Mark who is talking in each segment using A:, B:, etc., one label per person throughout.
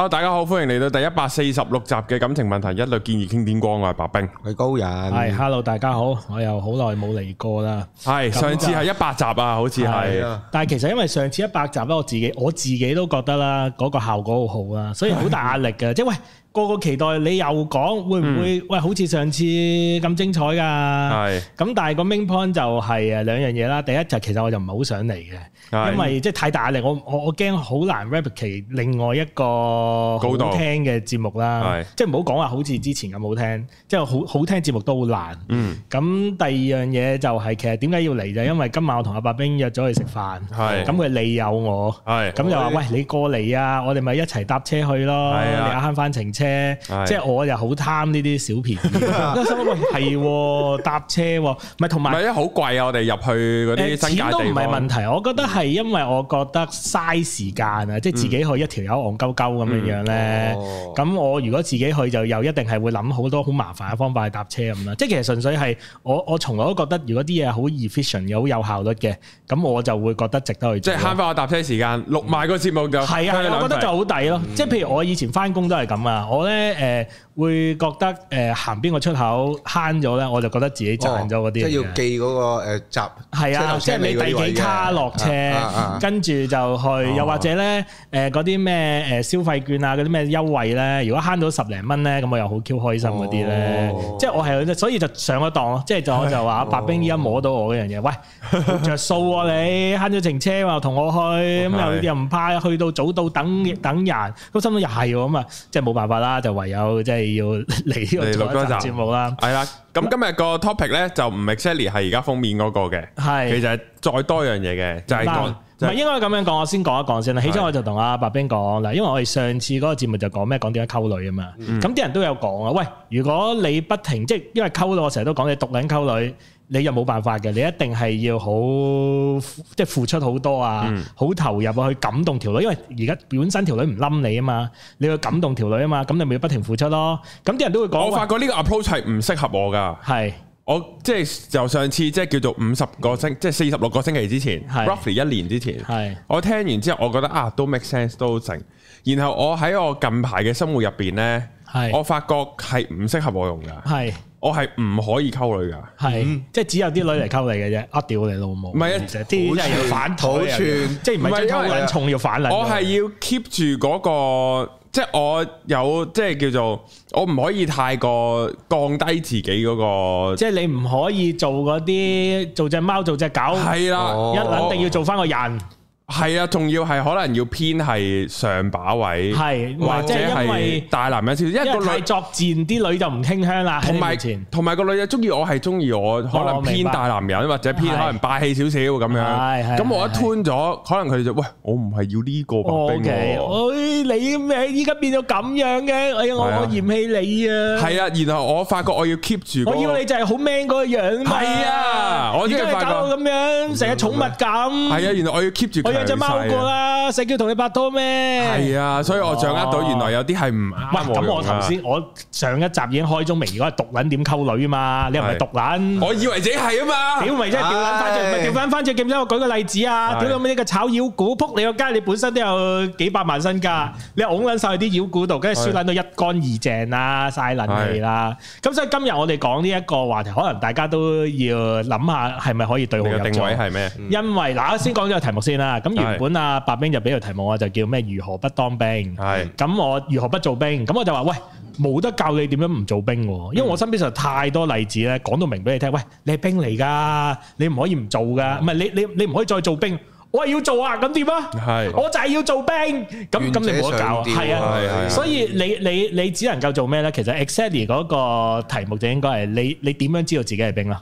A: 好，大家好，歡迎嚟到第一百四十六集嘅感情問題一律建議，傾天光，我係白兵，係高人，係
B: ，hello，大家好，我又好耐冇嚟過啦，係，上次係一
A: 百集啊，好似係，
B: 但係其實因為上次一百集咧，我自己我自己都覺得啦，嗰個效果好好啊，所以好大壓力噶，即係，喂。.個個期待你又講會唔會、嗯、喂，好似上次咁精彩㗎。係咁的，咁但係個 main point 就係誒兩樣嘢啦。第一就其實我就唔係好想嚟嘅，因為即係太大壓力，我我我驚好難 replicate 另外一個好聽嘅節目啦。係即係唔好講話好似之前咁好聽，即、就、係、是、好好聽節目都好難。嗯。咁第二樣嘢就係、是、其實點解要嚟就係因為今晚我同阿白兵約咗去食飯係。咁佢利誘我。係的。咁就話喂，喂你過嚟啊！我哋咪一齊搭車去咯，你又慳翻程即係我又好貪呢啲小便宜， 我心諗喂係搭、啊、車喎、啊，唔係同埋咧好
A: 貴啊！我哋入去嗰啲，錢都唔係問
B: 題。我覺得係因為我覺得嘥時間啊，嗯、即係自己去一條友戇鳩鳩咁樣樣咧。咁、嗯哦、我如果自己去就又一定係會諗好多好麻煩嘅方法去搭車咁啦。即、就、係、是、其實純粹係我我從來都覺得如果啲嘢好 efficient 嘅好有效率嘅，咁我就會覺得值得去。即係慳
A: 翻我搭車時間錄埋個節目就係啊，啊，我覺得就好
B: 抵咯。即係、嗯、譬如我以前翻工都係咁啊。我呢，誒、呃。會覺得誒行邊個出口慳咗咧，我就覺得自己賺咗嗰啲。即係要記
C: 嗰、嗰個誒閘、呃啊，啊，即係你第幾卡落車，
B: 跟住就去，哦、又或者咧誒嗰啲咩誒消費券啊，嗰啲咩優惠咧，如果慳到十零蚊咧，咁我又好 Q 開心嗰啲咧。哦、即係我係所以就上咗當咯，即係唉就就話白兵依家摸到我嗰樣嘢，哎哦、喂，著數喎、啊、你慳咗 程車，又同我去，咁 又又唔怕去到早到等等人，咁 Okay. 心諗又係喎咁啊，即係冇辦法啦，就唯有即係。要嚟錄節目啦，
A: 係啦，咁今日個 topic 咧就唔係 Xenia 係而家封面嗰個嘅，係其實係再多樣嘢嘅，就係講唔係應
B: 該咁樣講，我先講一講先啦。起初我就同阿白兵講啦，因為我哋上次嗰個節目就講咩講點解溝女啊嘛，咁啲人都有講啊，喂，如果你不停即係因為溝到我成日都講你讀緊溝女。你又冇辦法嘅，你一定係要好即係付出好多啊，好、嗯、投入去感動條女，因為而家本身條女唔冧你啊嘛，你要去感動條女啊嘛，咁你咪要不停付出咯。咁啲人都會講，我發覺呢個 approach
A: 係唔適合我㗎。係係，我即係就上次即係叫做五十個星，即係四十六個星期之前係，roughly 一年之前，係我聽完之後，我覺得啊，都 make sense，都成。然後我喺我近排嘅生活入邊咧，係我發覺係唔適合我用㗎。
B: 係。我係唔可以溝女㗎，係，即係只有啲女嚟溝你嘅啫，呃，屌你老母。唔係啊，啲人要反土寸，即係唔係真溝緊重要反。我係
A: 要 keep 住嗰個，即係我有即係叫做我唔可以太過降低自己嗰個。即係你唔可以做嗰啲做隻貓做隻狗，係啦，一諗定要做返個人。係啊，仲要係可能要偏係上把位，或者係大男人少少，因為個女作戰啲女就唔傾向啦。同埋同埋個女又中意我係中意我，可能偏大男人或者偏可能霸氣少少咁樣。係係。咁我一 turn 咗，可能佢就喂我唔係要呢個白兵。O K，
B: 哎你咩依家變到咁樣嘅？哎呀我我嫌棄你啊！係啊，
A: 然後我發覺我要 keep 住。我要你就係
B: 好 man 嗰個樣。係啊，
A: 我點解搞到咁樣成隻寵物咁？係啊，原來我要 keep 住。隻貓過啦，
B: 使叫同你拍拖咩？係啊，所以我掌握到原來有啲係唔啱。咁。我頭先我上一集已經開咗眉，如果係毒撚點溝女啊嘛？你又係咪毒撚？我以為自己係啊嘛，屌咪即係掉撚翻隻，咪掉翻翻隻劍啫。我舉個例子啊，屌咁呢個炒妖股，撲你個街，你本身都有幾百萬身家，你擁撚曬啲妖股度，跟住輸撚到一乾二淨啦，嘥撚氣啦。咁所以今日我哋講呢一個話題，可能大家都要諗下，係咪可以對號定位係咩？因為嗱，先講咗個題目先啦。原本阿白兵就俾條題目我就叫咩？如何不當兵？係咁是的 我如何不做兵？咁我就話喂，冇得教你點樣唔做兵，因為我身邊實在太多例子咧，講到明俾你聽。喂，你係兵嚟噶，你唔可以唔做噶，唔係是的 你你你唔可以再做兵。我要做啊，咁點啊？我就係要做兵，咁咁你冇得搞啊，係啊，所以你你你只能夠做咩咧？其實 exactly 嗰個題目就應該係你你點樣知道自己係兵咯？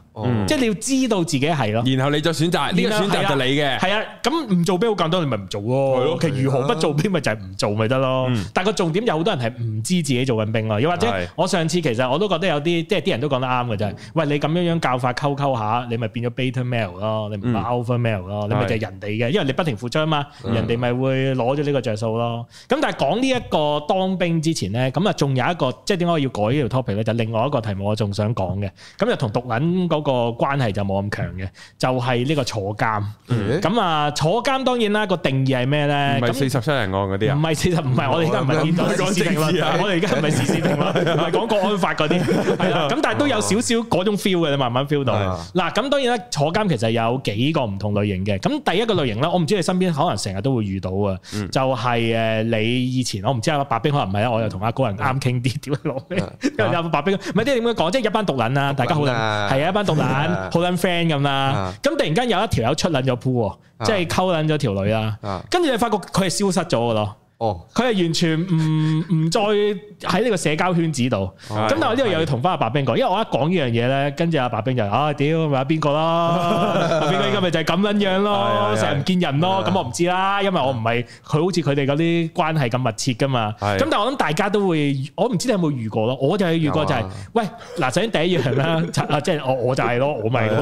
B: 即係你要知道自己係咯。然後你就選擇呢個選擇就你嘅，係啊，咁唔做兵好簡單，你咪唔做咯。其實如何不做兵咪就係唔做咪得咯。但個重點有好多人係唔知自己做緊兵咯，又或者我上次其實我都覺得有啲即係啲人都講得啱嘅就係，喂，你咁樣樣教法溝溝下，你咪變咗 beta male 咯，你唔係 over male 咯，你咪就係人哋。因為你不停付出啊嘛，人哋咪會攞咗呢個着數咯。咁但係講呢一個當兵之前咧，咁啊仲有一個，即係點解我要改呢條 topic 咧？就是、另外一個題目我仲想講嘅，咁就同毒撚嗰個關係就冇咁強嘅，就係、是、呢個坐監。咁啊、嗯嗯、坐監當然啦，個定義係咩咧？唔係四十七人案嗰啲啊？唔係四十，唔係我哋而家唔係變到，我哋而家唔係死刑啦，唔係 講國安法嗰啲，係咁但係都有少少嗰種 feel 嘅，你慢慢 feel 到。嗱的，咁、嗯、當然啦，坐監其實有幾個唔同類型嘅。咁第一個類型。我唔知你身邊可能成日都會遇到啊，嗯、就係誒，你以前我唔知阿白兵可能唔係啊，我又同阿高人啱傾啲屌佬，因為阿白兵唔係即係點樣講，即係一班毒撚啊，大家好撚係啊，一班毒撚好撚 friend 咁啦，咁突然間有一條友出撚咗鋪，即係溝撚咗條女啦，跟住你發覺佢係消失咗噶咯。哦，佢係完全唔唔再喺呢個社交圈子度，咁但係我呢度又要同翻阿白兵講，因為我一講呢樣嘢咧，跟住阿白兵就啊屌咪阿邊個咯，阿邊個依家咪就係咁樣樣咯，成日唔見人咯，咁我唔知啦，因為我唔係佢好似佢哋嗰啲關係咁密切噶嘛，咁但係我諗大家都會，我唔知你有冇遇過咯，我就係遇過就係，喂嗱首先第一樣啦，啊，即係我我就係咯，我咪咯，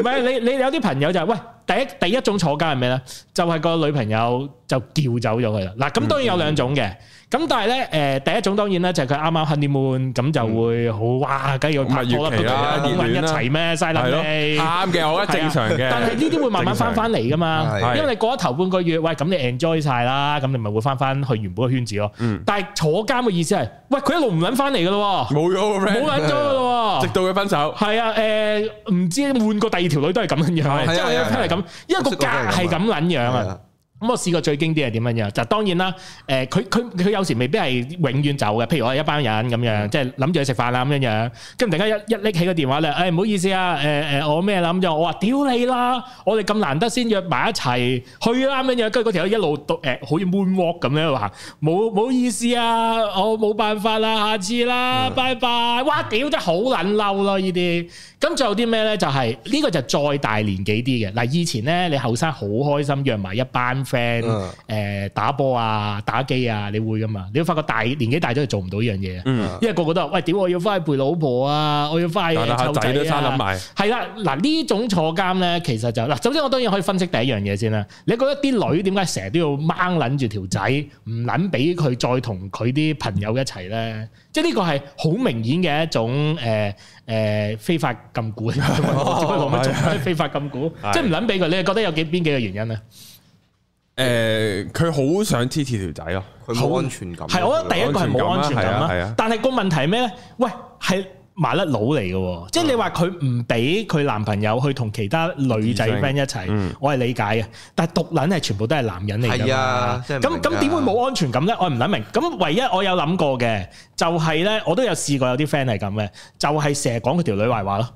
B: 唔係你你有啲朋友就係喂第一第一種坐監係咩咧，就係個女朋友。就叫走咗佢啦。嗱，咁當然有兩種嘅。咁但係咧，誒第一種當然咧就係佢啱啱 honeymoon，咁就會好哇，梗要拍拖啦，兩個人一齊咩，晒力嘅。係嘅，我覺得正常嘅。但係呢啲會慢慢翻翻嚟噶嘛，因為你過咗頭半個月，喂，咁你 enjoy 晒啦，咁你咪會翻翻去原本嘅圈子咯。但係坐監嘅意思係，喂，佢一路唔撚翻嚟噶咯，冇咗，冇撚咗咯，直到佢分手。係啊，誒，唔知換過第二條女都係咁樣，即係聽嚟咁，因為個家係咁撚樣啊。咁我試過最經典係點樣樣？就當然啦，誒佢佢佢有時未必係永遠走嘅。譬如我係一班人咁樣，即係諗住去食飯啦咁樣樣，跟住突然間一一拎起個電話咧，誒、哎、唔好意思啊，誒誒我咩啦咁樣，我話屌你啦！我哋咁難得先約埋一齊去啦咁樣樣，跟住嗰條一路誒、呃、好似悶鍋咁樣行，冇冇意思啊！我冇辦法啦，下次啦，嗯、拜拜！哇屌真係好撚嬲咯呢啲。咁仲有啲咩咧？就係、是、呢、這個就再大年紀啲嘅。嗱，以前咧你後生好開心約埋一班。f、嗯、打波啊，打機啊，你會噶嘛？你會發覺大年紀大咗就做唔到依樣嘢，嗯、因為個個都話：喂，點我要翻去陪老婆啊？我要翻去湊仔啊！係啦，嗱呢、啊、種坐監咧，其實就嗱、啊，首先我當然可以分析第一樣嘢先啦。你覺得啲女點解成日都要掹撚住條仔，唔撚俾佢再同佢啲朋友一齊咧？即係呢個係好明顯嘅一種誒誒非法禁錮，非法禁錮？即係唔撚俾佢，你係覺得有幾邊幾個原因咧？
A: 誒，佢好、呃、想支持條仔咯，佢冇安全感。係，我覺得第一個係冇安全感啦。係啊，係啊。
B: 但係個問題係咩咧？喂，係麻甩佬嚟嘅，即係你話佢唔俾佢男朋友去同其他女仔 friend 一齊，嗯、我係理解嘅。但係獨撚係全部都係男人嚟嘅，咁咁點會冇安全感咧？我唔諗明。咁唯一我有諗過嘅，就係、是、咧，我都有試過有啲 friend 係咁嘅，就係成日講佢條女壞話咯。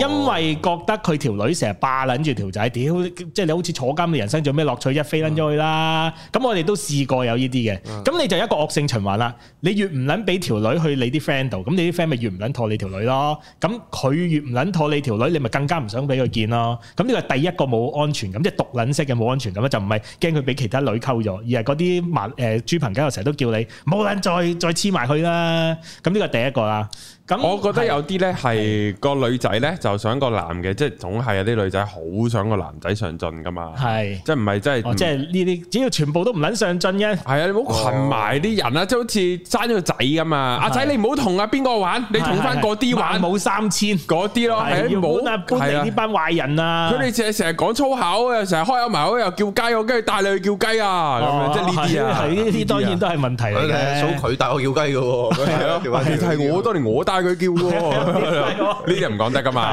B: 因為覺得佢條女成日霸捻住條仔，屌，即係你好似坐監嘅人生仲有咩樂趣？一飛捻咗去啦！咁、嗯、我哋都試過有呢啲嘅。咁、嗯、你就一個惡性循環啦。你越唔捻俾條女去你啲 friend 度，咁你啲 friend 咪越唔捻妥你條女咯。咁佢越唔捻妥你條女，讓讓你女，你咪更加唔想俾佢見咯。咁呢個係第一個冇安全感，即係獨捻式嘅冇安全感，就唔係驚佢俾其他女溝咗，而係嗰啲麥誒豬朋狗友成日都叫你冇捻再再黐埋去啦。咁呢個第一個啦。
A: 咁我覺得有啲呢係個女仔呢就想個男嘅，即係總係有啲女仔好想個男仔上進噶嘛，係即係唔係真係，即
B: 係呢啲只要全部都唔捻上進嘅，
A: 係啊你唔好群埋啲人啊，即係好似生咗個仔噶嘛，阿仔你唔好同阿邊個玩，你同翻嗰啲玩冇三千嗰啲咯，係啊，冇啊，搬定呢班壞人啊，佢哋成日成日講粗口啊，成日開口埋口又叫雞，我跟住帶你去叫雞啊，咁樣即係呢啲啊，呢
B: 啲當然都係問題嚟嘅，數佢帶我叫雞嘅，係我當年我帶佢叫，
A: 呢啲唔講得噶嘛。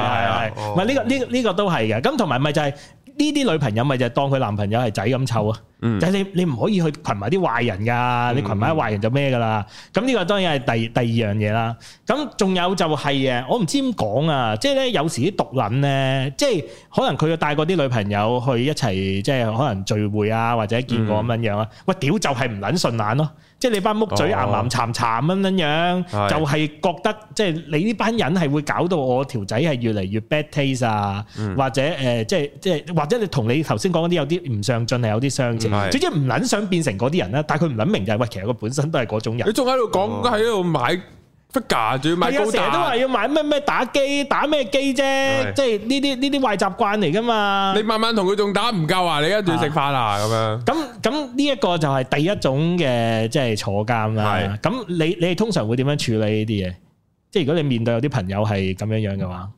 A: 係係
B: 係，係呢、啊哦這個呢呢、這個這個都係嘅，咁同埋咪就係呢啲女朋友咪就當佢男朋友係仔咁湊啊，嗯、就係你你唔可以去群埋啲壞人噶，你群埋啲壞人就咩噶啦，咁呢個當然係第第二樣嘢啦，咁仲有就係、是、啊，我唔知點講啊，即係咧有時啲毒撚咧，即係可能佢要帶過啲女朋友去一齊，即係可能聚會啊或者見過咁、嗯、樣樣啊，喂屌就係唔撚順眼咯。即係你班木嘴淡淡慘慘、啊、啱啱殘殘咁樣樣，就係覺得即係你呢班人係會搞到我條仔係越嚟越 bad taste 啊、嗯或呃就是，或者誒，即係即係或者你同你頭先講嗰啲有啲唔上進係有啲相似，總之唔撚想，想變成嗰啲人啦，但係佢唔撚明就係、是、喂，其實佢本身都係嗰種人。你仲喺度講喺
A: 度買？fuck 仲要買高，成日都話要
B: 買咩咩，打機打咩機啫，是即係呢啲呢啲壞習慣嚟噶嘛？你
A: 慢慢同佢仲打唔夠啊？你而家仲食翻啊咁樣？
B: 咁咁呢一個就係第一種嘅，即係坐監啦。咁是你你通常會點樣處理呢啲嘢？即係如果你面對有啲朋友係咁樣樣嘅話？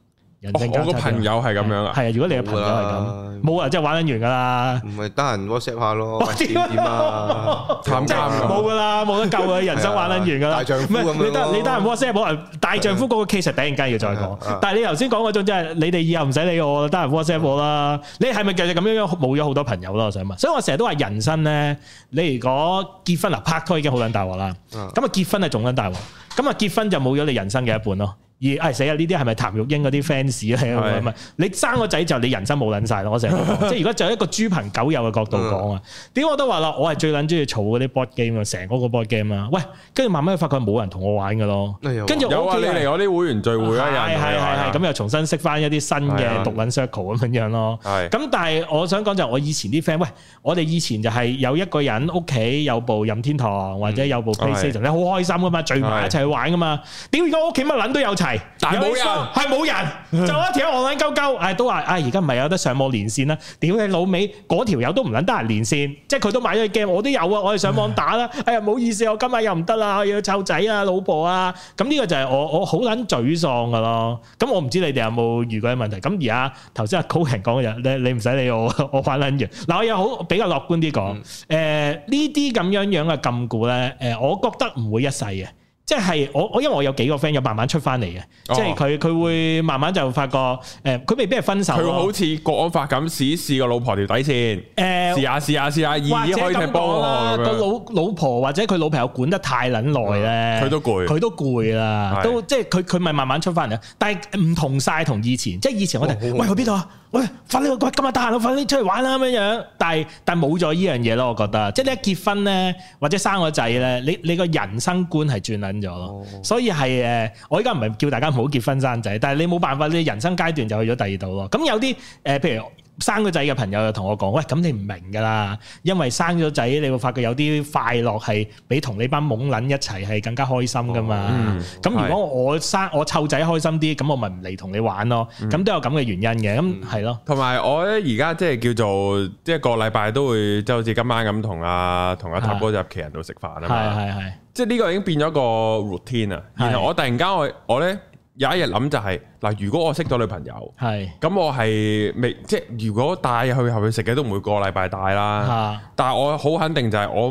B: 我個朋
C: 友係咁樣啊，係啊！如果你個朋友係咁，冇啊，真係玩緊完噶啦，唔係得閒 whatsapp 下咯，點點啊？冇噶啦，
B: 冇得救嘅人生玩緊完噶啦，唔係你得你得閒 whatsapp 冇人，大丈夫嗰個 case 突然間要再講，但係你頭先講嗰種真係你哋以後唔使理我，得閒 whatsapp 我啦，你係咪繼續咁樣樣冇咗好多朋友咯？我想問，所以我成日都話人生咧，你如果結婚啊，拍拖已經好撚大鑊啦，咁啊結婚係仲撚大鑊，咁啊結婚就冇咗你人生嘅一半咯。死啊！呢啲係咪譚玉英嗰啲 fans 啊？你生個仔就你人生冇撚晒咯？我成日即係如果就一個豬朋狗友嘅角度講啊，點我都話啦，我係最撚中意嘈嗰啲 board game 啊，成個個 board game 啊。喂，跟住慢慢發覺冇人同我玩噶咯。跟住有啊，你嚟我啲會員聚會啊，係係係咁又重新識翻一啲新嘅獨撚 circle 咁樣咯。咁，但係我想講就我以前啲 friend，喂，我哋以前就係有一個人屋企有部任天堂或者有部 PlayStation，你好開心噶嘛，聚埋一齊去玩噶嘛。點而家屋企乜撚都有齊？但係冇人，係冇 人，就一條戇戇鳩鳩，唉，都話，唉、哎，而家唔係有得上網連線啦，屌你老味嗰條友都唔捻得人連線，即係佢都買咗 game，我都有啊，我哋上網打啦， 哎呀，唔好意思，我今晚又唔得啦，我要湊仔啊，老婆啊，咁呢個就係我我好捻沮喪噶咯，咁我唔知你哋有冇遇過啲問題？咁而家頭先阿高人講嘅你你唔使理我，我反捻完，嗱，我又好比較樂觀啲講，誒、呃，呢啲咁樣樣嘅禁錮咧，誒、呃，我覺得唔會一世嘅。即係我我因為我有幾個 friend 有慢慢出翻嚟嘅，即係佢佢會慢慢就發覺，誒、欸、佢未必係分手，佢會好似國安法咁
A: 試一試個老婆條底線，誒試、呃、下試下試下，二可以踢波，個樣老
B: 老婆或者佢老婆又管得太捻耐咧，佢、嗯、都攰，佢都攰啦，是都即係佢佢咪慢慢出翻嚟，但係唔同晒同以前，即係以前我哋、哦、喂去邊度啊，喂，快啲！今日得閒快啲出去玩啦咁樣樣，但係但係冇咗依樣嘢咯，我覺得，即係你一結婚咧或者生個仔咧，你你個人生觀係轉捻。哦、所以係誒，我依家唔係叫大家唔好結婚生仔，但係你冇辦法，你人生階段就去咗第二度咯。咁有啲誒、呃，譬如。生個仔嘅朋友又同我講：喂，咁你唔明噶啦，因為生咗仔，你會發覺有啲快樂係比同你班懵撚一齊係更加開心噶嘛。咁、oh. mm hmm. 如果我生我湊仔開心啲，咁我咪唔嚟同你玩咯。咁都有咁嘅原因嘅。咁係咯。同、hmm. 埋、嗯、了我咧，
A: 而家即係叫做即係個禮拜都會，即係好似今晚咁、啊，同阿同阿塔哥入企人度食飯啊嘛。係係係。即係呢個已經變咗個 routine 啊。然後我突然間我我咧。有一日諗就係、是、嗱，如果我識咗女朋友，係咁是我係未即係如果帶去後去食嘅都唔會個禮拜帶啦。是但係我好肯定就係我唔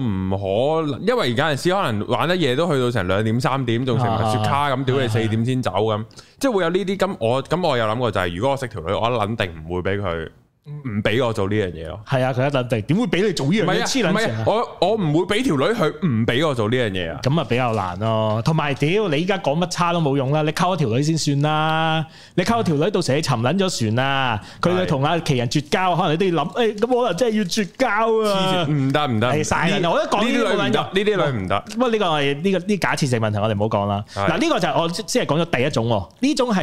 A: 可能，因為而家有陣時可能玩一夜都去到成兩點三點，仲食埋雪卡咁，屌你四點先走咁，是即係會有呢啲。咁我咁我有諗過就係，如果我識條女，我肯定唔會俾佢。唔俾我做呢樣嘢咯，
B: 係啊，佢一定點會俾你做呢樣嘢黐卵！我
A: 我唔會俾條女
B: 去唔俾我做呢樣嘢啊，咁啊比較難咯、啊。同埋屌你依家講乜叉都冇用啦，你溝咗條女先算啦，你溝咗條女、嗯、到時你沉卵咗船啦，佢同阿奇人絕交，可能你都要諗，你咁可能真係要絕交啊！唔得唔得，曬人，我一講呢啲唔得，
A: 呢啲女唔得。
B: 不過呢個係呢個啲假設性問題我，我哋唔好講啦。嗱，呢、這個就我即係講咗第一種，呢種係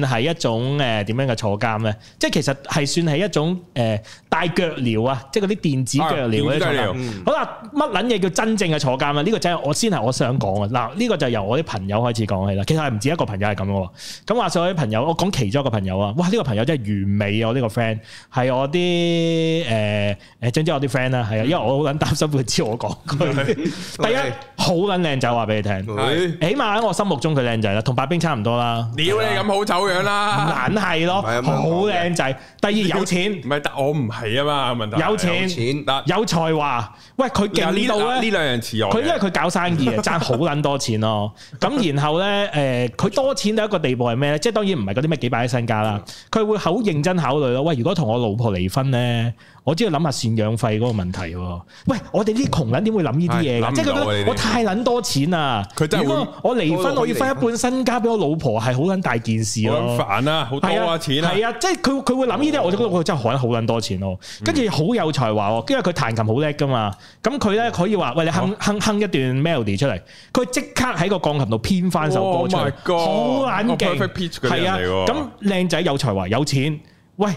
B: 算係一種誒點樣嘅坐監咧？即係其實係算係一種。呃誒大腳鐐啊，即係嗰啲電子腳鐐嗰啲坐監。好啦，乜捻嘢叫真正嘅坐監啊？呢、這個真係我先係我想講啊。嗱，呢、這個就由我啲朋友開始講起啦。其實係唔止一個朋友係咁噶。咁話說我啲朋友，我講其中一個朋友啊。哇，呢、這個朋友真係完美啊！我呢個 friend 係我啲誒誒，即、呃、係我啲 friend 啦。係啊，因為我好捻擔心佢知我講佢。嗯、 第一，好捻靚仔，話俾你聽。的起碼喺我心目中佢靚仔啦，同白兵差唔多啦。屌的、嗯、你咁好醜樣啦、啊，梗係、啊啊、咯，好靚仔。第二 有錢。唔係，得我唔係啊嘛，問題有錢、有錢嗱但有才華。喂，佢勁呢度咧，呢兩
A: 樣詞，佢因為佢
B: 搞生意，賺好捻多錢咯。咁然後咧，誒、呃，佢多錢到一個地步係咩咧？即係當然唔係嗰啲咩幾百億身家啦，佢會好認真考慮咯。喂，如果同我老婆離婚咧？我只要諗下贍養費嗰個問題喎、啊，喂，我哋啲窮人點會諗呢啲嘢嘅？啊、即係佢覺得我太撚多錢啦、啊，咁我離婚，離婚我要分一半身家俾我老婆，係好撚大件事咯、啊。好煩啊，好多錢啊，係啊，即係佢佢會諗呢啲，我覺得我真係慳好撚多錢咯。跟住好有才華喎、啊，因為佢彈琴好叻㗎嘛，咁佢咧可以話喂，你哼、啊、哼哼，哼一段 melody 出嚟，佢即刻喺個鋼琴度編翻首歌出嚟，好撚勁係啊，咁靚仔有才華有錢。喂，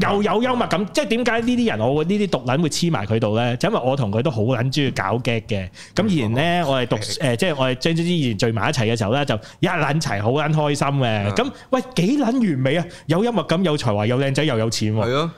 B: 又有幽默感，即係點解呢啲人我呢啲毒卵會黐埋佢度咧？就因為我同佢都好卵中意搞 gag 嘅，咁然咧我哋讀誒，即係我哋張張之前聚埋一齊嘅時候咧，就一卵齊好卵開心嘅。咁喂幾卵完美啊！有幽默感，有才華，又靚仔，又有錢。係咯，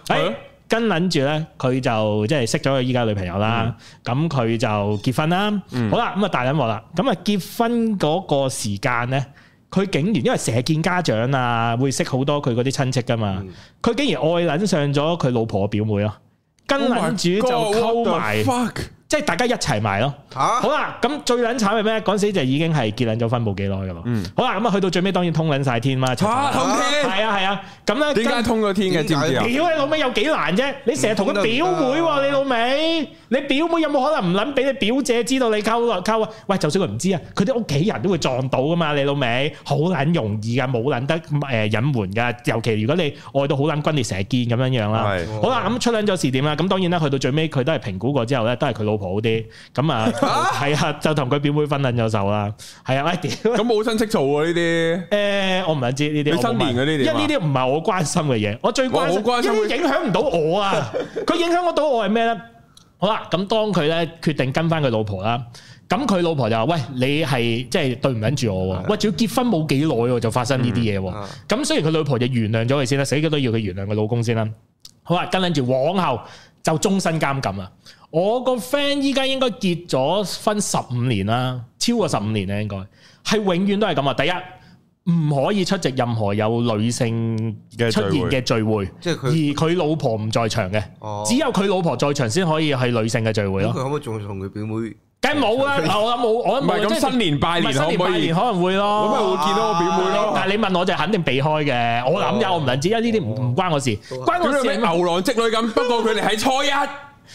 B: 跟卵住咧，佢就即係識咗佢依家女朋友啦。咁佢就結婚啦。好啦，咁啊大卵鑊啦。咁啊結婚嗰個時間咧？佢竟然因為成日見家長啊，會識好多佢嗰啲親戚噶嘛？佢、嗯、竟然愛撚上咗佢老婆表妹咯，啊，跟住就溝埋。Oh 即係大家一齊埋咯，好啦，咁最撚慘係咩？嗰陣時就已經係結捻咗婚冇幾耐噶嘛。好啦，咁啊去到最尾當然通捻晒天嘛。錯通天，係啊係啊，咁咧點解通咗天嘅？知唔知啊？屌你老味有幾難啫？你成日同佢表妹喎，你老味，你表妹有冇可能唔捻俾你表姐知道你溝啊溝啊？喂，就算佢唔知啊，佢啲屋企人都會撞到噶嘛，你老味好撚容易噶，冇撚得誒隱瞞噶，尤其如果你愛到好撚轟烈，成日見咁樣樣啦。好啦，咁出捻咗事點啦？咁當然啦，去到最尾佢都係評估過之後咧，都係佢老。好啲咁啊，係啊，就同佢表妹分捻咗手啦。係啊，威咁冇親戚做啊呢啲，誒，我唔係知呢啲。你新年呢啲，因為呢啲唔係我關心嘅嘢，我最關心，因影響唔到我啊。佢影響得到我係咩咧？好啦，咁當佢咧決定跟翻佢老婆啦，咁佢老婆就話：喂，你係即係對唔緊住我，喂，仲要結婚冇幾耐就發生呢啲嘢，咁雖然佢老婆就原諒咗佢先啦，死咗都要佢原諒佢老公先啦。好啦，跟緊住往後就終身監禁啦。我個 friend 依家應該結咗婚十五年啦，超過十五年咧，應該係永遠都係咁啊！第一唔可以出席任何有女性出現嘅聚會，即係佢而佢老婆唔在場嘅，只有佢老婆在場先可以係女性嘅聚會咯。佢
C: 可唔可以仲同佢表妹？
B: 梗冇啊！我諗冇，我唔係咁新年拜年，新年拜年可能會咯，咁咪會見到我表妹咯。但係你問我就肯定避開嘅。我諗有，我唔諗只因呢啲唔，唔關我事，關我事牛郎
A: 織女咁。不過佢哋係初一。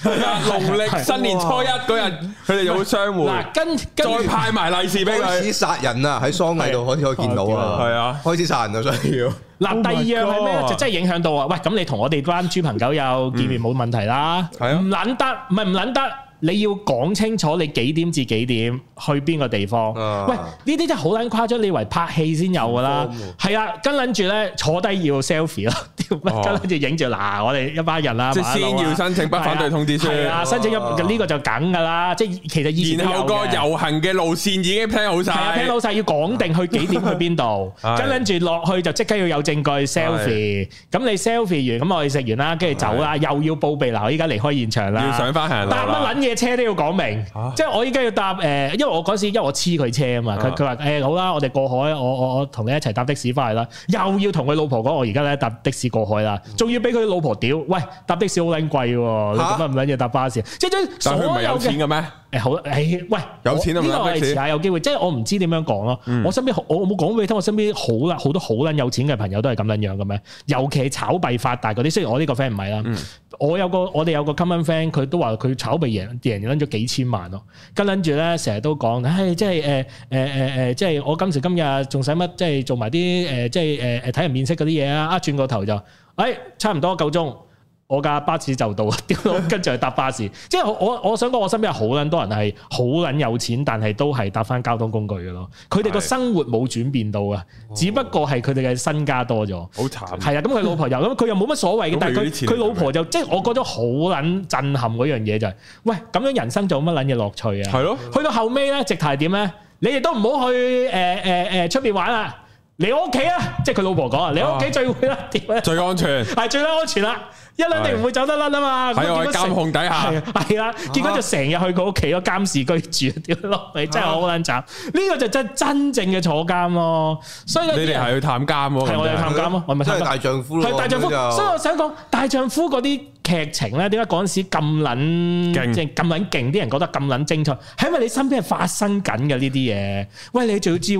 A: 係啊，農曆新年初一嗰日，
C: 佢哋又會
B: 相互嗱，跟跟，
C: 跟再派埋利是俾佢，開始殺人啊，喺喪儀禮度可以見到啊，係啊，開始殺人就需要所以要。嗱、啊，第二樣係咩？Oh、就真
B: 係影響到啊。喂，咁你同我哋班豬朋狗友見面冇問題啦，唔卵、嗯啊、得，唔係唔卵得。你要講清楚你幾點至幾點去邊個地方？喂，呢啲真係好撚誇張，你以為拍戲先有㗎啦？係啊，跟撚住咧坐低要 selfie 咯，跟撚住影住嗱，我哋一班人啦，即先要申請不反對通知書。係啊，申請一呢個就梗㗎啦，即係其實以前。然後個遊行嘅路線已經 plan 好曬。係 plan 好晒要講定去幾點去邊度，跟撚住落去就即刻要有證據 selfie。咁你 selfie 完咁我哋食完啦，跟住走啦，又要報備嗱，我依家離開現場啦。要上翻行。但乜撚嘢？車都要講明，啊、即係我依家要搭誒，因為我嗰時因為我黐佢車啊嘛，佢佢話誒好啦，我哋過海，我我我同你一齊搭的士翻嚟啦。又要同佢老婆講，我而家咧搭的士過海啦，仲要俾佢老婆屌，喂，搭的士好捻貴，啊、你做乜唔捻要搭巴士？即係將，但佢唔係有錢嘅咩？欸？好、欸、喂，有錢啊嘛？呢個我哋遲下有機會，即係我唔知點樣講咯、嗯。我身邊我冇講俾你聽，我身邊好啦，好多好捻有錢嘅朋友都係咁捻樣嘅咩？尤其係炒幣發達嗰啲，雖然我呢個 friend 唔係啦。嗯我有個我哋有個 common friend，佢都話佢炒幣贏贏咗幾千萬咯，跟住咧成日都講，唉、哎，即係誒誒誒誒，即係我今時今日仲使乜，即係做埋啲誒即係誒誒睇人面色嗰啲嘢啊，轉個頭就，唉、哎，差唔多夠鐘。我架巴士就到，掉跟住去搭巴士。 即係我我我想講，我身邊有好捻多人係好捻有錢，但係都係搭翻交通工具嘅咯。佢哋個生活冇轉變到啊，哦、只不過係佢哋嘅身家多咗。好慘慘。係啊，咁佢老婆又，咁佢又冇乜所謂嘅。 但係佢佢老婆就 即係我覺得好捻震撼嗰樣嘢就係、是，喂，咁樣人生做乜捻嘢樂趣啊？係咯的。去到後尾咧，直頭係點咧？你哋都唔好去誒誒誒出邊玩啊！嚟我屋企啊！即係佢老婆講啊，嚟我屋企聚會啦，最安全係最安全啦，一兩定唔會走得甩啊嘛。喺個監控底下，係啦，結果就成日去佢屋企咯，監視居住，屌咯，你真係好撚慘！呢個就真係真正嘅坐監咯。所以你哋係去探監喎，係我哋探監咯，我咪真係大丈夫咯，係大丈夫。所以我想講大丈夫嗰啲劇情咧，點解嗰陣時咁撚勁，咁撚勁啲人覺得咁撚精彩，係因為你身邊係發生緊嘅呢啲嘢。喂，你最要知？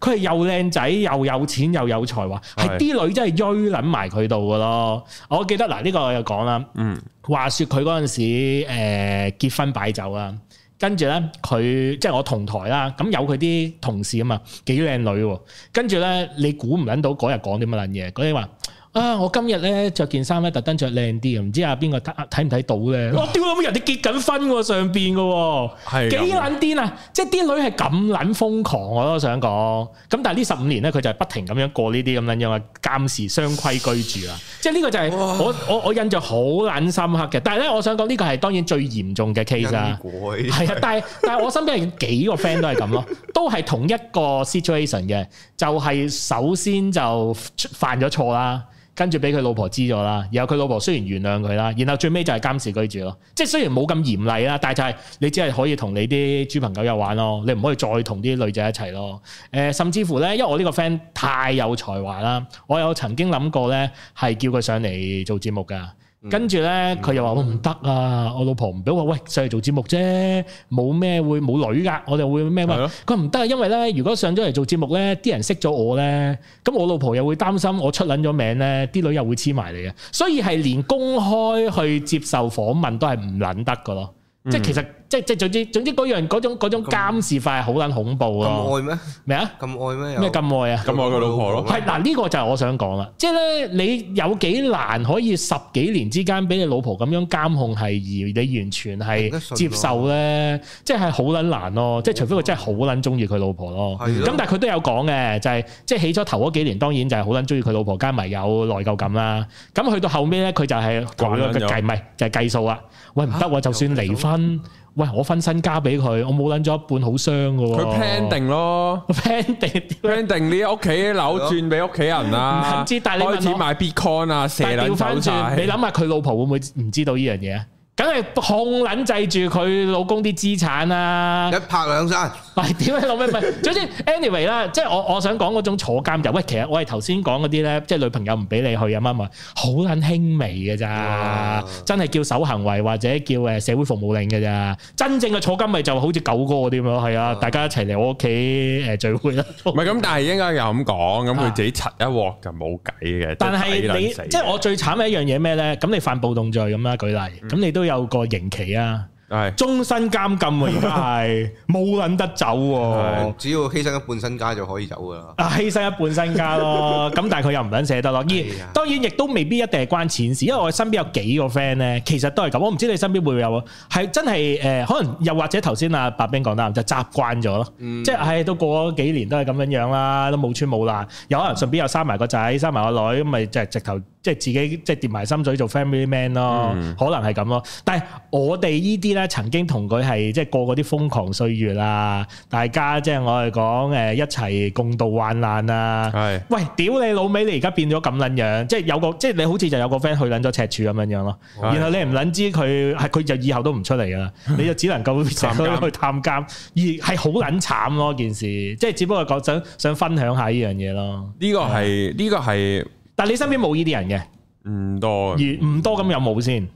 B: 佢係又靚仔又有錢又有才華，係啲女真係追撚埋佢度噶咯。我記得嗱，呢個又講啦。嗯，話說佢嗰陣時誒結婚擺酒啊，跟住咧佢即係我同台啦，咁有佢啲同事啊嘛，幾靚女喎。跟住咧，你估唔撚到嗰日講啲乜撚嘢？嗰啲話。啊！我今日咧着件衫咧，特登着靚啲嘅，唔知阿邊個睇唔睇到咧？我屌諗住！人哋結緊婚喎、啊，上邊嘅喎，係幾撚癲啊！即係啲女係咁撚瘋狂，我都想講。咁但係呢十五年咧，佢就係不停咁樣過呢啲咁樣樣嘅暫時雙規居住啊！即係呢個就係我哇我我印象好撚深刻嘅。但係咧，我想講呢個係當然最嚴重嘅 case 啊！係啊，但係但係我身邊幾個 friend 都係咁咯，都係同一個 situation 嘅，就係、是、首先就犯咗錯啦。跟住俾佢老婆知咗啦，然後佢老婆雖然原諒佢啦，然後最尾就係監視居住咯，即係雖然冇咁嚴厲啦，但係就係你只係可以同你啲豬朋狗友玩咯，你唔可以再同啲女仔一齊咯。誒、呃，甚至乎咧，因為我呢個 friend 太有才華啦，我有曾經諗過咧，係叫佢上嚟做節目噶。跟住咧，佢、嗯、又話我唔得啊！嗯、我老婆唔俾我喂上嚟做節目啫，冇咩會冇女噶，我哋會咩？佢唔得，的啊，因為咧，如果上咗嚟做節目咧，啲人識咗我咧，咁我老婆又會擔心我出撚咗名咧，啲女又會黐埋嚟嘅，所以係連公開去接受訪問都係唔撚得噶咯，嗯、即係其實。即係即係總之總之嗰樣嗰種嗰種監視法係好撚恐怖啊！咁愛咩？咩啊麼？咁愛咩？咩咁愛啊？咁愛佢老婆咯？係，嗱，呢個就係我想講啦。即係咧，你有幾難可以十幾年之間俾你老婆咁樣監控係而你完全係接受咧？即係係好撚難咯。即係除非佢真係好撚中意佢老婆咯。咁的但係佢都有講嘅，就係、是、即係起咗頭嗰幾年，當然就係好撚中意佢老婆，加埋有內疚感啦。咁去到後尾咧，佢就係講咗個計，唔係就係、是、計數啊。喂，唔得、啊、就算離婚。啊喂，我分身家俾佢，我冇捻咗一半好傷嘅喎。佢 plan 定
A: 咯 plan 定 plan 定啲屋企樓轉俾屋企人啦、啊。唔咯知，但係你開始買 bitcoin 啊，射撚走曬。但係調翻轉，你諗下
B: 佢老婆會唔會唔知道呢樣嘢？梗係控撚制住佢老公啲資產啊，一拍兩散。喂，點解老咩？唔總之 anyway 啦，即係我我想講嗰種坐監就喂，其實我係頭先講嗰啲咧，即係女朋友唔俾你去啊啱唔？好撚輕微嘅咋，哇真係叫守行為或者叫誒社會服務令嘅咋。真正嘅坐監咪就好似狗哥嗰啲咁咯，係啊哇，大家一齊嚟我屋企誒聚會啦。唔係咁，但係應該又咁講，咁佢、啊、自己柒一鑊就冇計嘅。但係你即係我最慘嘅一樣嘢咩咧？咁你犯暴動罪咁啦，舉例，咁你都。有個刑期啊！係終身監禁喎，而家係冇捻得走、啊。係
C: 只要犧牲一半身家就可以走噶啦。
B: 啊，犧牲一半身家咯。咁 但係佢又唔捻捨得咯。亦當然亦都未必一定係關錢事，因為我身邊有幾個 friend 咧，其實都係咁。我唔知你身邊會唔會有，係真係誒、呃，可能又或者頭先阿白兵講得啱就習慣咗咯。嗯、即係都過咗幾年都係咁樣樣啦，都冇穿冇爛。有可能順便又生埋個仔，生埋個女，咁咪就係直頭即係自己即係跌埋心水做 family man 咯，咯嗯、可能係咁咯。但係我哋呢啲。曾經同佢係即係過嗰啲瘋狂歲月啊，大家即係我哋講誒，一齊共度患難啊！係是的 喂，屌你老味，你而家變咗咁撚樣，即係有個即係你好似就有個 friend 去撚咗赤柱咁樣樣咯，是的 然後你唔撚知佢係佢就以後都唔出嚟㗎啦。是的 你就只能夠去探監，探監 而係好撚慘咯件事，即係只不過講想想分享下呢樣嘢咯。呢個係呢的個係，但係你身邊冇呢啲人嘅，
A: 唔多而
B: 唔很多咁有
A: 冇先？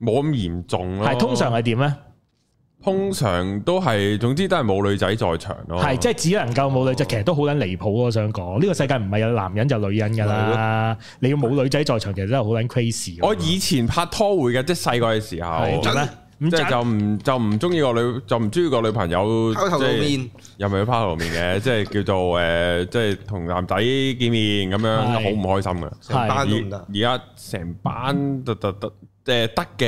A: 冇咁嚴重咯，係通常係點咧？通常都係，總之都係冇女仔在場咯。係即係
B: 只能夠冇女仔，其實都好撚離譜。我想講呢個世界唔係有男人就女人㗎啦，你要冇女仔在場，其實真係好撚 crazy。我以前拍
A: 拖會嘅，即係細個嘅時候，真咧，即係就唔就唔中意個女就唔中意個女朋友，拋頭露面又咪去拋頭露面嘅，即係叫做誒，即係同男仔見面咁樣，好唔開心嘅。成班都唔得，而家成班得得得。誒，得嘅、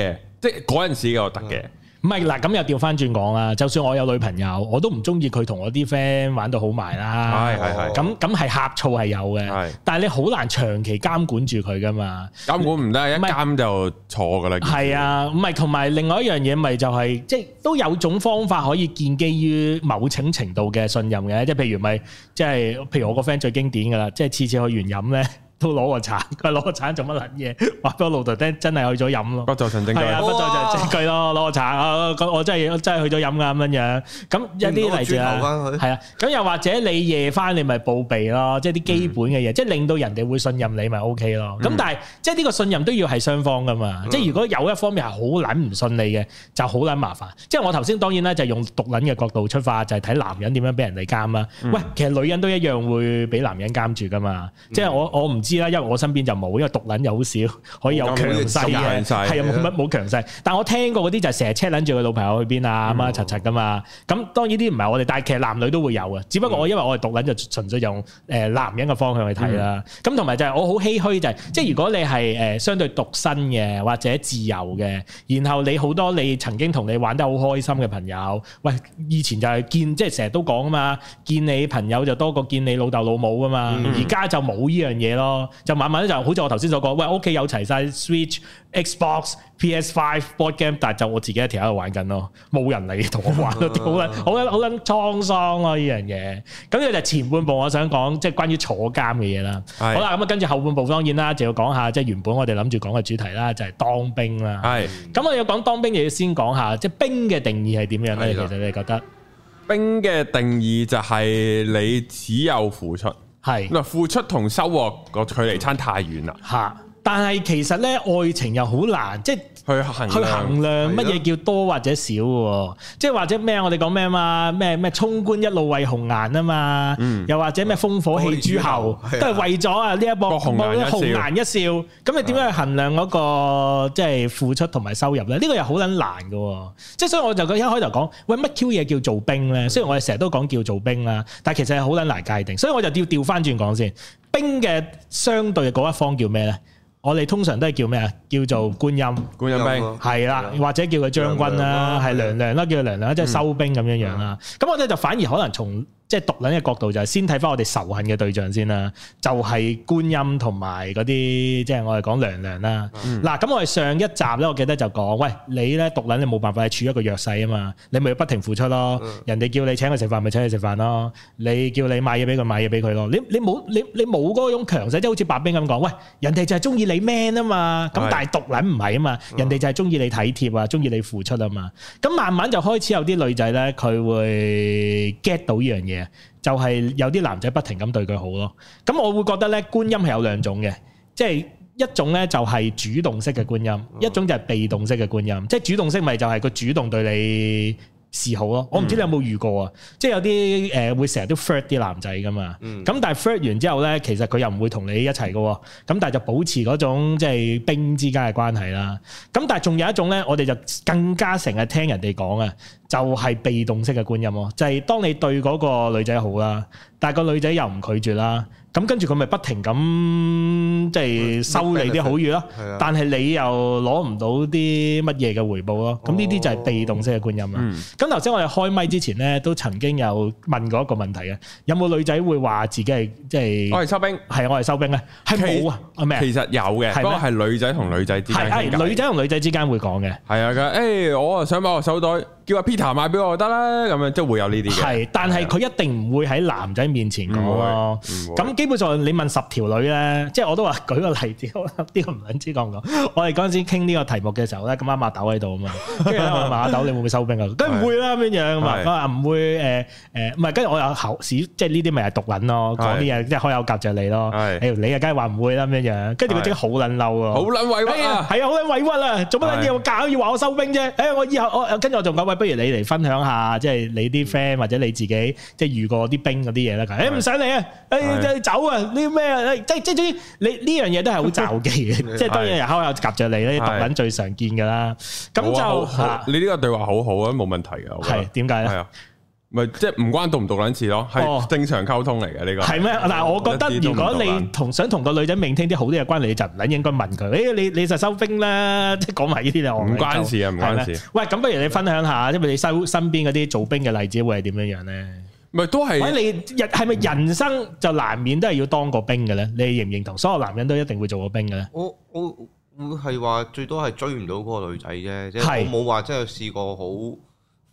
A: 呃，即係嗰陣時嘅我得嘅，
B: 唔係嗱，咁又調翻轉講啊。就算我有女朋友，我都唔中意佢同我啲 friend 玩到好埋啦。係係係，咁咁係呷醋係有嘅，是但係你好難長期監管住佢噶嘛。監管唔得，是一監就錯噶啦。係啊，唔係同埋另外一樣嘢、就是，咪就係即係都有種方法可以建基於某程程,程度嘅信任嘅，即、就、係、是、譬如咪即係，就是譬,如就是、譬如我個 friend 最經典噶啦，即係次次去完飲咧。 都攞個產，佢攞個產做乜撚嘢？話俾我老豆聽，真係去咗飲咯。不在場證據？係啊，啊不在場就係證據咯，攞個產我真係真係去咗飲噶咁樣樣。咁一啲例子啊，係啊。咁又或者你夜返你咪報備咯，即係啲基本嘅嘢，嗯、即係令到人哋會信任你咪 OK 咯。咁、嗯、但係即係呢個信任都要係雙方噶嘛。嗯、即係如果有一方面係好撚唔信你嘅，就好撚麻煩。即係我頭先當然咧就係用獨撚嘅角度出發，就係、是、睇男人點樣俾人哋監啦、啊。嗯、喂，其實女人都一樣會俾男人監住噶嘛。嗯、即係我我唔。知啦，因為我身邊就冇，因為獨撚又好少可以有強勢嘅，係冇乜冇強勢。但我聽過嗰啲就係成日車撚住佢老朋友去邊啊，乜柒柒噶嘛。咁當然啲唔係我哋，但係其實男女都會有嘅。只不過我因為我係獨撚，就純粹用誒男人嘅方向去睇啦。咁同埋就係我好唏噓就係、是，即係如果你係誒相對獨身嘅或者自由嘅，然後你好多你曾經同你玩得好開心嘅朋友，喂，以前就係見即係成日都講啊嘛，見你朋友就多過見你老豆老母啊嘛，而家就冇呢樣嘢咯。就慢慢咧，就好似我頭先所講，喂，屋企有齊晒 Switch、Xbox、PS Five board game，但係就我自己一條喺度玩緊咯，冇人嚟同我度玩，好捻好捻好捻滄桑啊呢樣嘢。咁呢就係前半部我想講，即係關於坐監嘅嘢啦。好啦，咁啊跟住後半部當然啦，就要講下即係原本我哋諗住講嘅主題啦，就係當兵啦。係咁我哋要講當兵，又要先講下即係兵嘅定義係點樣咧？其實你哋覺得
A: 兵嘅定義就係你只有付出。係，付出同收穫個距離差太遠啦。
B: 但係其實咧，愛情又好難，即係去去衡量乜嘢叫多或者少喎，即係的或者咩？我哋講咩啊嘛？咩咩衝冠一怒為紅顏啊嘛，嗯、又或者咩烽火戲諸侯，哎、呀都係為咗啊呢一幕、嗯、紅顏一笑。咁、嗯、你點樣去衡量嗰、那個即係、就是、付出同埋收入咧？呢、這個又好撚難嘅，即係的所以我就一開頭講喂乜 Q 嘢叫做兵咧？雖然我哋成日都講叫做兵啦，但係其實好撚難界定。所以我就要調翻轉講先，兵嘅相對嗰一方叫咩咧？我哋通常都係叫咩啊？叫做觀音，觀音兵，兵啊、的或者叫佢將軍啦、啊，係、啊、的娘娘啦，叫娘娘，即係收兵咁樣樣啦。咁、嗯、我哋就反而可能從即係毒撚嘅角度就係先睇翻我哋仇恨嘅對象先啦，就係觀音同埋嗰啲，即係我哋講娘娘啦。嗱，咁我哋上一集咧，我記得就講，喂，你咧毒撚你冇辦法處一個弱勢啊嘛，你咪要不停付出咯。人哋叫你請佢食飯，咪請佢食飯咯；你叫你買嘢俾佢，買嘢俾佢咯。你你冇你你冇嗰種強勢，即係好似白兵咁講，喂，人哋就係中意你 man 啊嘛。咁但係毒撚唔係啊嘛，人哋就係中意你體貼啊，中意你付出啊嘛。咁慢慢就開始有啲女仔咧，佢會 get 到呢樣嘢。就係有啲男仔不停咁對佢好咯，咁我會覺得咧觀音係有兩種嘅，即係一種咧就係、是、主動式嘅觀音，一種就係被動式嘅觀音，即係主動式咪就係佢主動對你示好咯。我唔知你有冇遇過啊，嗯、即係有啲誒、呃、會成日都 flirt 啲男仔噶嘛，咁、嗯、但係 flirt 完之後咧，其實佢又唔會同你一齊噶，咁但係就保持嗰種即係兵之間嘅關係啦。咁但係仲有一種咧，我哋就更加成日聽人哋講啊。就係被動式嘅觀音咯，就係、是，當你對嗰個女仔好啦，但係個女仔又唔拒絕啦，咁跟住佢咪不停咁即係收你啲好語咯，嗯、但係你又攞唔到啲乜嘢嘅回報咯，咁呢啲就係被動式嘅觀音啦。咁頭先我哋開麥之前呢，都曾經有問過一個問題嘅，有冇女仔會話自己係即係我係收兵，係我係收兵咧，係冇啊，係咩？其、其實有嘅，不過係
A: 女仔同女仔之間，女
B: 仔同女仔之間會講嘅，
A: 係啊，佢、欸、我啊想買個手袋。叫阿 Peter 買俾我得啦，咁樣即會有呢啲嘅。係，
B: 但係佢一定唔會喺男仔面前講咯。咁基本上你問十條女咧，即係我都話舉個例子啦，呢個唔撚知講講。我哋嗰陣時傾呢個題目嘅時候咧，咁啱阿馬豆喺度啊嘛，跟住阿馬豆你會唔會收兵啊？梗唔會啦，咁樣啊嘛，唔會誒誒，唔係跟住我有考試，即係呢啲咪係讀緊咯，講啲嘢即係開口夾著你咯。誒你啊，梗係話唔會啦，咁樣樣跟住佢即好撚嬲啊，好撚委屈啊，係啊，好撚委屈啊，做乜撚嘢搞要話我收兵啫？誒我以後我跟住我仲咁委不如你嚟分享下，即係你啲 friend 或者你自己，即係遇過啲兵嗰啲嘢咧。誒唔想你啊，誒走啊，啲咩誒？即係即係總之，你呢樣嘢都係好招忌嘅，即係當然有人敲又夾著你咧，毒品最常見㗎啦。咁就嚇，你呢個對話好好啊，冇問題啊。係點解咧？
A: 咪即係唔關讀唔讀卵事咯，係、哦、正常溝通嚟嘅呢個。係咩嗎？嗱，我覺得，我得如果你
B: 同想同個女仔聆聽啲好啲嘅關係，你就唔卵應該問佢。哎、欸，你你就收兵啦，即係講埋呢啲啦。唔關事啊，唔關事。喂，咁不如你分享下，因為的你收身邊嗰啲做兵嘅例子會係點樣樣咧？咪都係。喂，你人係咪人生就難免都係要當個兵嘅咧？你認唔認同？所有男人都一定會做個兵嘅咧？我我
C: 會係話最多係追唔到嗰個女仔啫，即、就、係、是、我冇話真係試過好。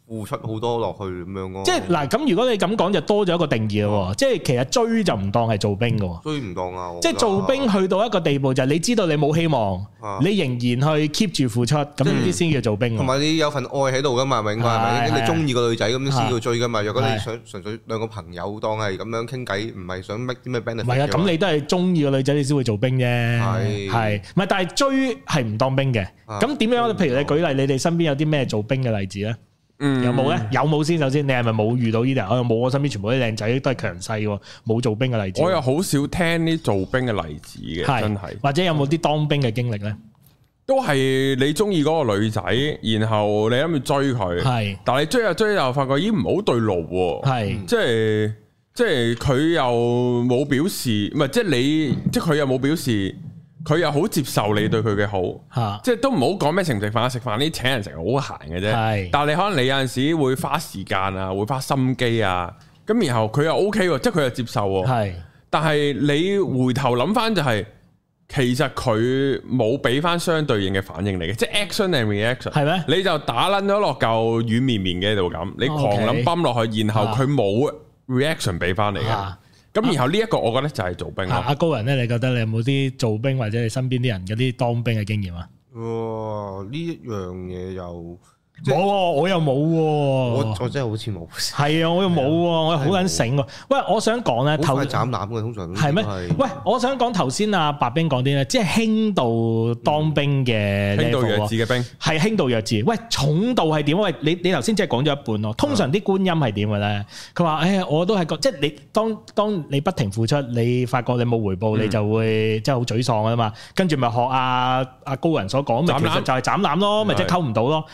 C: 付出好多落去咁樣咯，即係
B: 嗱咁。如果你咁講，就多咗一個定義咯。即係其實追就唔當係做兵噶，追唔當啊。即係做兵去到一個地步，就係你知道你冇希望，你仍然去 keep 住付出，咁呢啲先叫做兵。同埋
C: 你有份愛喺度噶嘛，係咪？咁你中意個女仔咁先叫追噶嘛。若果你想純粹兩個朋友當係咁樣傾偈，唔係想 make 啲咩 friend 嚟？唔係啊，咁你都
B: 係中意個女仔，你先會做兵啫。係係，唔係但係追係唔當兵嘅。咁點樣？譬如你舉例，你哋身邊有啲咩做兵嘅例子咧？嗯，有冇咧？有冇先？首先，你係咪冇遇到呢啲？我又冇，我身邊全部啲靚仔都係強勢嘅，冇做兵嘅例子。我又好少聽啲
A: 做兵嘅例子嘅，是真係
B: 的。或者有冇啲當兵嘅經歷咧？
A: 都係你中意嗰個女仔，然後你諗住追佢。係是，但係你追下追下，發覺咦唔好對路。係是，即係即係佢又冇表示，唔係即係你即係佢又冇表示。佢又好接受你對佢嘅好，嗯、即係都唔好講咩食唔食飯啊食飯，啲請人食好閒嘅啫。是但係你可能你有陣時會花時間啊，會花心機啊，咁然後佢又 OK 喎，即係佢又接受、啊。係是，但係你回頭諗翻就係、是，其實佢冇俾翻相對應嘅反應你嘅，即係 action and reaction 嗎。係咩？你就打撚咗落嚿軟綿綿嘅度咁，嗎你狂撚泵落去，okay, 然後佢冇 reaction 俾翻你哈咁、啊、然後呢一個我覺得就係做兵啊，阿、啊、
B: 高人呢，你覺得你有冇啲做兵或者你身邊啲人嗰啲當兵嘅經驗啊？哇，呢
C: 一樣嘢又～
B: 我我又冇，我我真係好似冇。係啊，我又冇，我又好諗醒。喂，我想講咧，頭斬纜嘅通常都係咩？喂，我想講頭先阿白兵講啲咧，即係輕度當兵嘅輕度弱智嘅兵，係輕度弱智。喂，重度係點？喂，你你頭先即係講咗一半咯。通常啲觀音係點嘅咧？佢話哎呀，我都係覺，即係你當當你不停付出，你發覺你冇回報，你就會即係好沮喪噶啦嘛。跟住咪學阿阿高人所講，咪其實就係斬纜咯，咪即係溝唔到咯。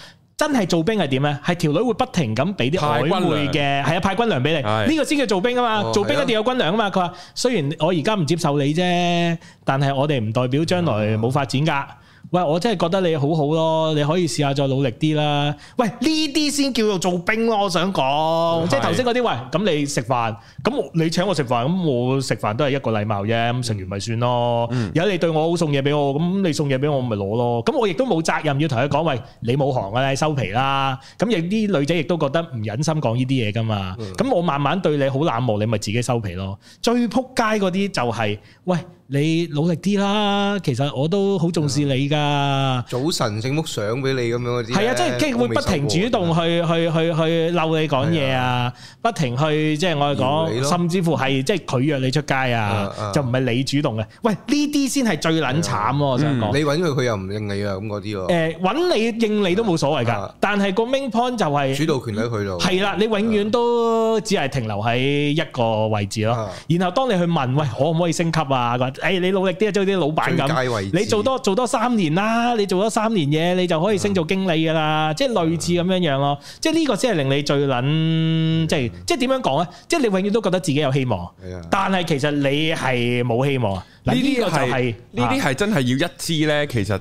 B: 真係做兵係點咧？係條女會不停咁俾啲海軍嘅，係啊，派軍糧俾你，呢的個先叫做兵啊嘛！哦、做兵一定有軍糧啊嘛！佢話的雖然我而家唔接受你啫，但係我哋唔代表將來冇發展噶。喂，我真係覺得你好好咯，你可以試下再努力啲啦。喂，呢啲先叫做做兵咯，我想講，即係頭先嗰啲。喂，咁你食飯，咁你請我食飯，咁我食飯都係一個禮貌啫。咁食完咪算咯。有你對我好，送嘢俾我，咁你送嘢俾我，咪攞咯。咁我亦都冇責任要同佢講，喂，你冇行㗎啦，收皮啦。咁有啲女仔亦都覺得唔忍心講呢啲嘢㗎嘛。咁我慢慢對你好冷漠，你咪自己收皮咯。最撲街嗰啲就係，喂。你努力啲啦，其實我都好重視你噶。早晨整幅相俾你咁樣嗰啲，係啊，即係會不停主動去去去去嬲你講嘢啊，不停去即係我講，甚至乎係即係佢約你出街啊，就唔係你主動嘅。喂，呢啲先係最撚慘咯，我想講。你
C: 揾佢，佢又唔應你啊，咁嗰啲喎。誒，
B: 揾你應你都冇所謂㗎，但係個 main point 就係主導權喺佢度。係啦，你永遠都只係停留喺一個位置咯。然後當你去問喂，可唔可以升級啊？誒、哎，你努力啲，即係啲老闆咁。你做多做多三年啦，你做多三年嘢，你就可以升做經理噶啦。嗯、即係類似咁樣樣咯。嗯、即係呢個先係令你最撚、嗯就是，即係即係點樣講咧？即、就、係、是、你永遠都覺得自己有希望，嗯、但係其實你係冇希望。嗱呢、嗯、就係呢啲係
A: 真係要一支呢？其實。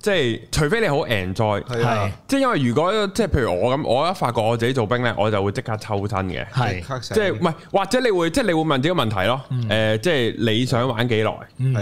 A: 即係除非你好 enjoy，係，即係因為如果即係譬如我咁，我一發覺我自己做兵咧，我就會即刻抽身嘅，係，
C: 即係唔
A: 係，或者你會即係你會問自己個問題咯，誒，即係你想玩幾耐？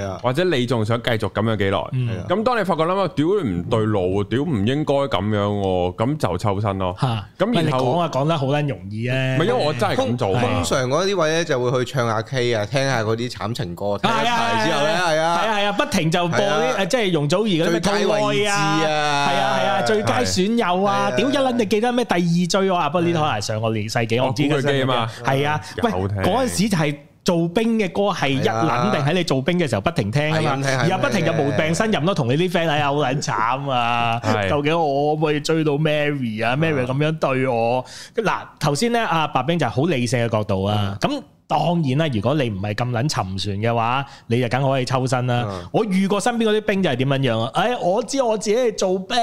B: 係啊，或
A: 者你仲想繼續咁樣幾耐？係咁當你發覺諗下屌唔對路，屌唔應該咁樣喎，咁就抽身咯，
B: 咁然後講啊講得好撚容易啊，唔係因為我真係咁做，通
C: 常嗰啲位咧就會去唱下 K 啊，聽下嗰啲慘情歌，聽一排之
B: 後咧係啊，係啊，不停就播啲即係容祖兒係咪太耐啊？係啊係啊，最佳損友啊！屌一捻，你記得咩？第二追我啊？不過呢套係上個年世紀，我知佢嘅嘛。係啊，喂，嗰陣時就係做兵嘅歌，係一捻定喺你做兵嘅時候不停聽啊嘛。然後不停就無病呻吟咯，同你啲 friend 哎呀好捻慘啊！究竟我會追到 Mary 啊？Mary 咁樣對我嗱，頭先咧啊白兵就係好理性嘅角度啊，咁。當然啦，如果你唔係咁撚沉船嘅話，你就梗可以抽身啦。我遇過身邊嗰啲兵就係點樣樣啊，誒，我知我自己係做兵，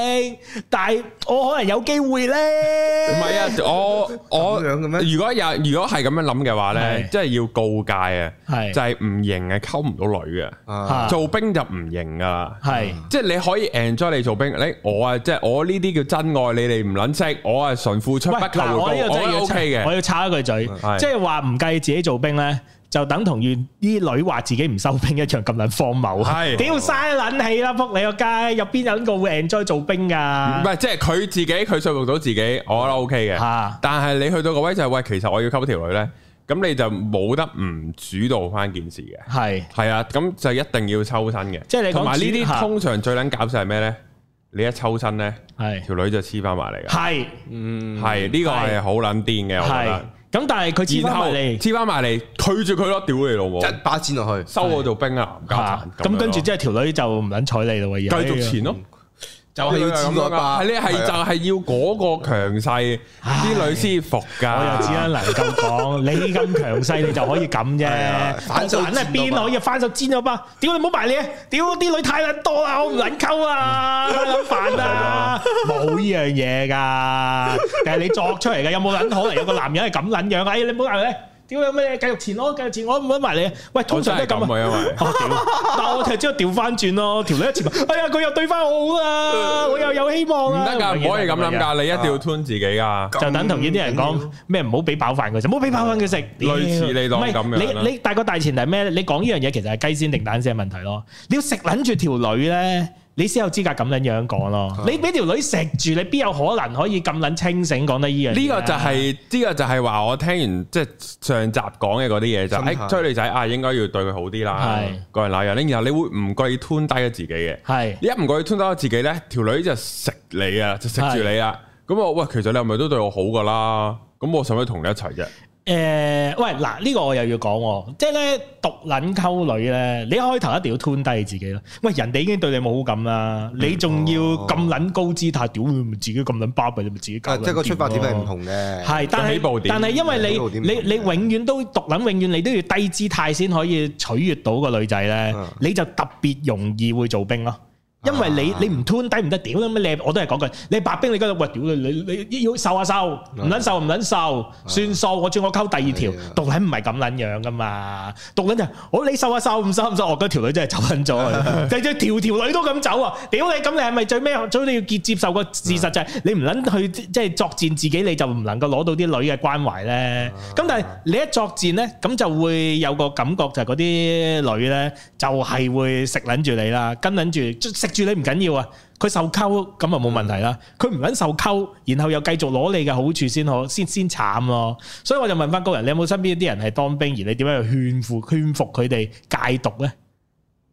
B: 但係我可能有機會咧。唔係啊，我我咁
A: 樣如果有如果係咁樣諗嘅話咧，即係要告戒啊，係就係唔型啊，溝唔到女嘅。做兵就唔型噶啦，係即係你可以 enjoy 你做兵。你我啊，即係我呢啲叫真愛，你哋唔撚識。我係純付出不求回報。我要 OK 嘅，我
B: 要插一句嘴，即係話唔計自己做。做兵咧，就等同於啲女話自己唔收兵一場咁捻荒謬，係點要嘥捻氣啦？仆你個街入邊有邊個會 enjoy 做兵噶？
A: 唔係，即係佢自己佢說服到自己，我諗 O K 嘅。吓，但係你去到個位就係喂，其實我要溝條女咧，咁你就冇得唔主導翻件事嘅。係係啊，咁就一定要抽身嘅。即係你同埋呢啲通常最捻搞晒係咩咧？你一抽身咧，係條女就黐翻埋嚟嘅。係
B: 嗯，係呢個係
A: 好捻癲嘅。係。咁但係佢黐翻埋嚟，黐翻埋嚟，拒絕佢咯，屌你老，一把錢落去，收我做兵啊！咁跟住即係
B: 條女就唔撚睬你咯喎，繼續錢咯、啊。哎
A: 就係要似咁啊！你係就係要嗰個強勢啲女先服噶。我又只
B: 能夠咁講， 你咁強勢你就可以咁啫。反手咧邊可以反手煎咗包？屌你唔好埋你！屌啲女太撚多啦，我唔撚溝啊，好煩啊！冇呢樣嘢噶定係你作出嚟嘅？有冇撚可能有個男人係咁撚樣啊？哎，你唔好嗌佢咧。屌有咩繼續前我繼續前我唔搵埋你，喂，通常都咁，但係我就知我調翻轉咯，條女一前，哎呀佢又對翻我好啦，我又有希望啦。唔得噶，唔可以咁諗噶，你一定要 turn 自己噶，就等同啲人講咩，唔好俾飽飯佢食，唔好俾飽飯佢食。類似你當咁樣你你大個大前提係咩咧？你講呢樣嘢其實係雞先定蛋先嘅問題咯，你要食撚住條女咧。你先有資格咁樣樣講咯！你俾條女食住，你邊有可能可以咁撚清醒講得依樣嘢，呢個就係、是，呢、這個就
A: 係話我聽完即係、就是、上集講嘅嗰啲嘢就，哎追女仔啊，應該要對佢好啲啦，的個人那樣咧，然後你會唔覺意吞低咗自己嘅，係的一唔覺意吞低咗自己咧，條女就食你啊，就食住你啊，咁的我喂，其實你係咪都對我好噶啦？咁我使唔使同你一齊啫？
B: 誒、呃，喂，嗱、這、呢個我又要講，即係咧獨撚溝女咧，你開頭一定要吞低你自己咯。喂，人哋已經對你冇好感啦，嗯、你仲要咁撚高，高姿態，屌你、哦、自己咁撚巴閉，啊、你咪自己。啊，即係個出發點係唔同嘅。係，但係但係因為你你你永遠都獨撚，永遠你都要低姿態先可以取悅到個女仔咧，嗯、你就特別容易會做兵咯、啊。因為你你唔吞低唔得屌咁樣，你我都係講句，你白兵你嗰度，喂，屌你你你要瘦下瘦，唔撚瘦唔撚瘦，算數，我轉我溝第二條，讀緊唔係咁撚樣噶嘛，讀緊就，好你瘦下瘦唔瘦唔瘦，我嗰條女真係走撚咗，就就條條女都咁走啊，屌你咁你係咪最尾？所以你要接接受個事實就係，你唔撚去即係作戰自己，你就唔能夠攞到啲女嘅關懷咧。咁但係你一作戰咧，咁就會有個感覺就係嗰啲女咧，就係會食撚住你啦，跟撚住食住你唔緊要啊，佢受溝咁啊冇問題啦。佢唔肯受溝，然後又繼續攞你嘅好處先好，先先慘咯。所以我就問翻高人，你有冇身邊啲人係當兵，而你點樣勸服勸服佢哋戒毒呢？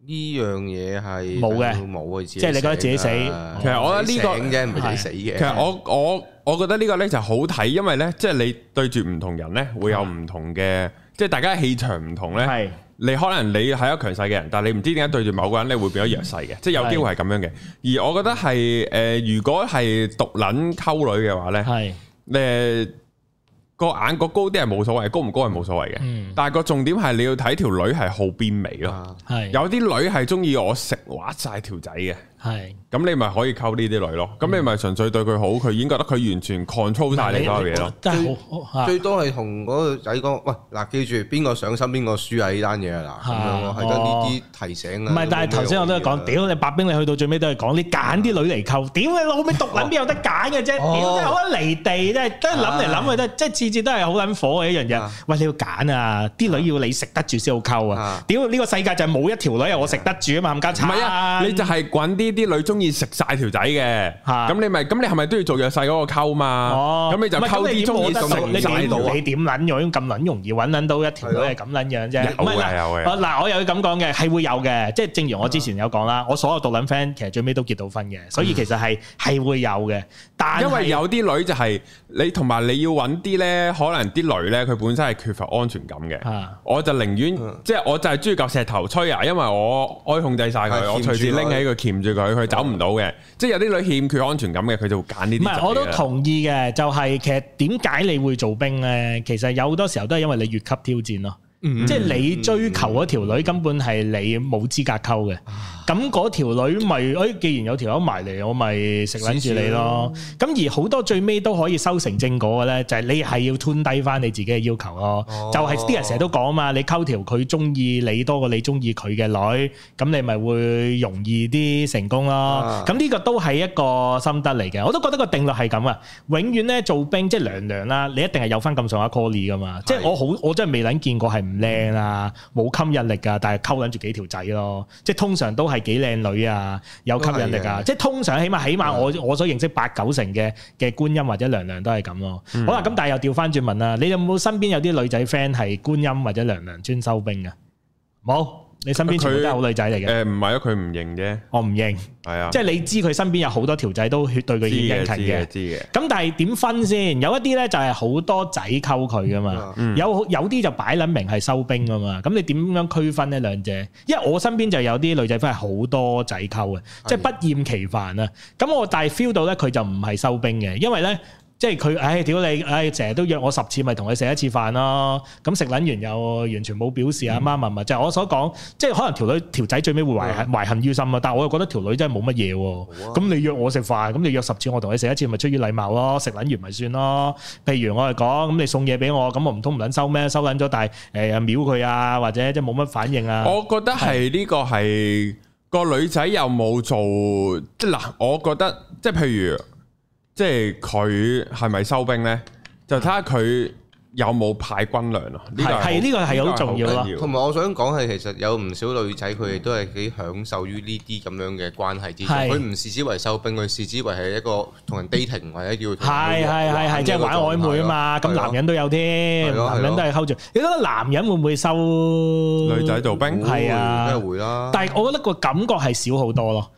C: 呢樣嘢係冇嘅，冇嘅，即係你覺得自己死。了其實我覺得呢個唔係死嘅。其實我
A: 我我覺得呢個呢就好睇，因為呢，即係你對住唔同人呢，會有唔同嘅，啊、即係大家氣場唔同呢。」係。你可能你係一個強勢嘅人，但係你唔知點解對住某個人，你會變咗弱勢嘅。嗯、即係有機會係咁樣嘅。是而我覺得係誒、呃，如果係毒撚溝女嘅話咧，係誒個眼角高啲係冇所謂，高唔高係冇所謂嘅。嗯、但係個重點係你要睇條女係好變美咯，係、啊、有啲女係中意我食畫晒條仔嘅。係，咁你咪可以溝呢啲女咯，咁你咪純粹對佢好，佢已經覺得佢完全 control 曬你嗰個嘢咯。真係
B: 最
C: 多係同嗰個仔講，喂嗱，記住邊個上心邊個輸啊，呢單嘢啊嗱，咁樣咯，係得呢啲提醒
B: 唔係，但係頭先我都係講，屌你白兵，你去到最尾都係講你揀啲女嚟溝，屌你老味，讀撚邊有得揀嘅啫，屌好得離地，真係真係諗嚟諗去都係，即係次次都係好撚火嘅一樣嘢。喂，你要揀啊，啲女要你食得住先好溝啊，屌呢個世界就係冇一條女係我食得住啊嘛冚家鏟。唔係啊，你就係揾啲。啲女中意食晒條仔嘅，咁你
A: 咪咁你係咪都要做弱勢嗰個溝嘛？咁你就溝啲中意食晒佬啊！你
B: 點撚樣咁撚容易揾撚到一條女係咁撚樣啫？嗱，我又要咁講嘅，係會有嘅。即係正如我之前有講啦，我所有毒撚 friend 其實最尾都結到婚嘅，所以其實係係會有嘅。但係因為有啲女就係你同埋你要揾啲咧，可
A: 能啲女咧佢本身係缺乏安全感嘅。我就寧願即係我就係中意夾石頭吹啊，因為我可以控制晒佢，我隨時拎起佢鉗住佢。佢佢走唔到嘅，即係有啲女欠缺安全感嘅，佢就會揀呢啲。唔係，我都同
B: 意嘅，就係、是、其實點解你會做兵咧？其實有好多時候都係因為你越級挑戰咯，嗯、即係你追求嗰條女、嗯、根本係你冇資格溝嘅。咁嗰條女咪，哎，既然有條友埋嚟，我咪食撚住你咯。咁而好多最尾都可以收成正果嘅咧，就係你係要吞低翻你自己嘅要求咯。就係啲人成日都講啊嘛，你溝條佢中意你多過你中意佢嘅女，咁你咪會容易啲成功咯。咁呢個都係一個心得嚟嘅，我都覺得個定律係咁啊。永遠咧，做兵即係娘娘啦，你一定係有翻咁上下 quality 噶嘛。即係我好，我真係未撚見過係唔靚啊，冇吸引力噶，但係溝撚住幾條仔咯。即係通常都。係幾靚女啊，有吸引力啊！即係通常起碼起碼我的我，我所認識八九成嘅嘅觀音或者娘娘都係咁咯。嗯、好啦，咁但係又調返轉問啦，你有冇身邊有啲女仔 friend 係觀音或者娘娘專收兵啊？冇。你身邊全部都係好女仔嚟嘅。誒，唔係啊，佢唔認嘅。我唔、哦、認。係啊的，即係你知佢身邊有好多條仔都對佢殷勤嘅。知嘅，知嘅，咁但係點分先？有一啲咧就係好多仔溝佢噶嘛。嗯、有有啲就擺撚明係收兵噶嘛。咁你點樣區分呢兩者？因為我身邊就有啲女仔，分係好多仔溝嘅，即係不厭其煩啦。咁我但係 feel 到咧，佢就唔係收兵嘅，因為咧。即係佢，唉屌你，唉成日都約我十次，咪同佢食一次飯咯。咁食撚完又完全冇表示啊，乜乜乜，就我所講，即係可能條女條仔最尾會懷懷恨於心啊。但係我又覺得條女真係冇乜嘢喎。咁你約我食飯，咁你約十次，我同佢食一次，咪出於禮貌咯。食撚完咪算咯。譬如我係講，咁你送嘢俾我，咁我唔通唔撚收咩？收撚咗，但係誒秒佢啊，或者即係冇乜反應啊。我
A: 覺得係呢個係個女仔又冇做即嗱，我覺得即係譬如。即係佢係咪收兵呢？就睇下佢有冇派軍糧咯。係呢個係好重要咯。同
C: 埋我想講係，其實有唔少女仔佢哋都係幾享受於呢啲咁樣嘅關係之中。佢唔視之為收兵，佢視之為係一個同人 dating 或者叫係係係係即係玩曖昧啊嘛。
B: 咁男人都有添，男人都係 hold 住。你覺得男人會唔會收女仔做兵？係啊，會啦。但係我覺得個感覺係少好多咯。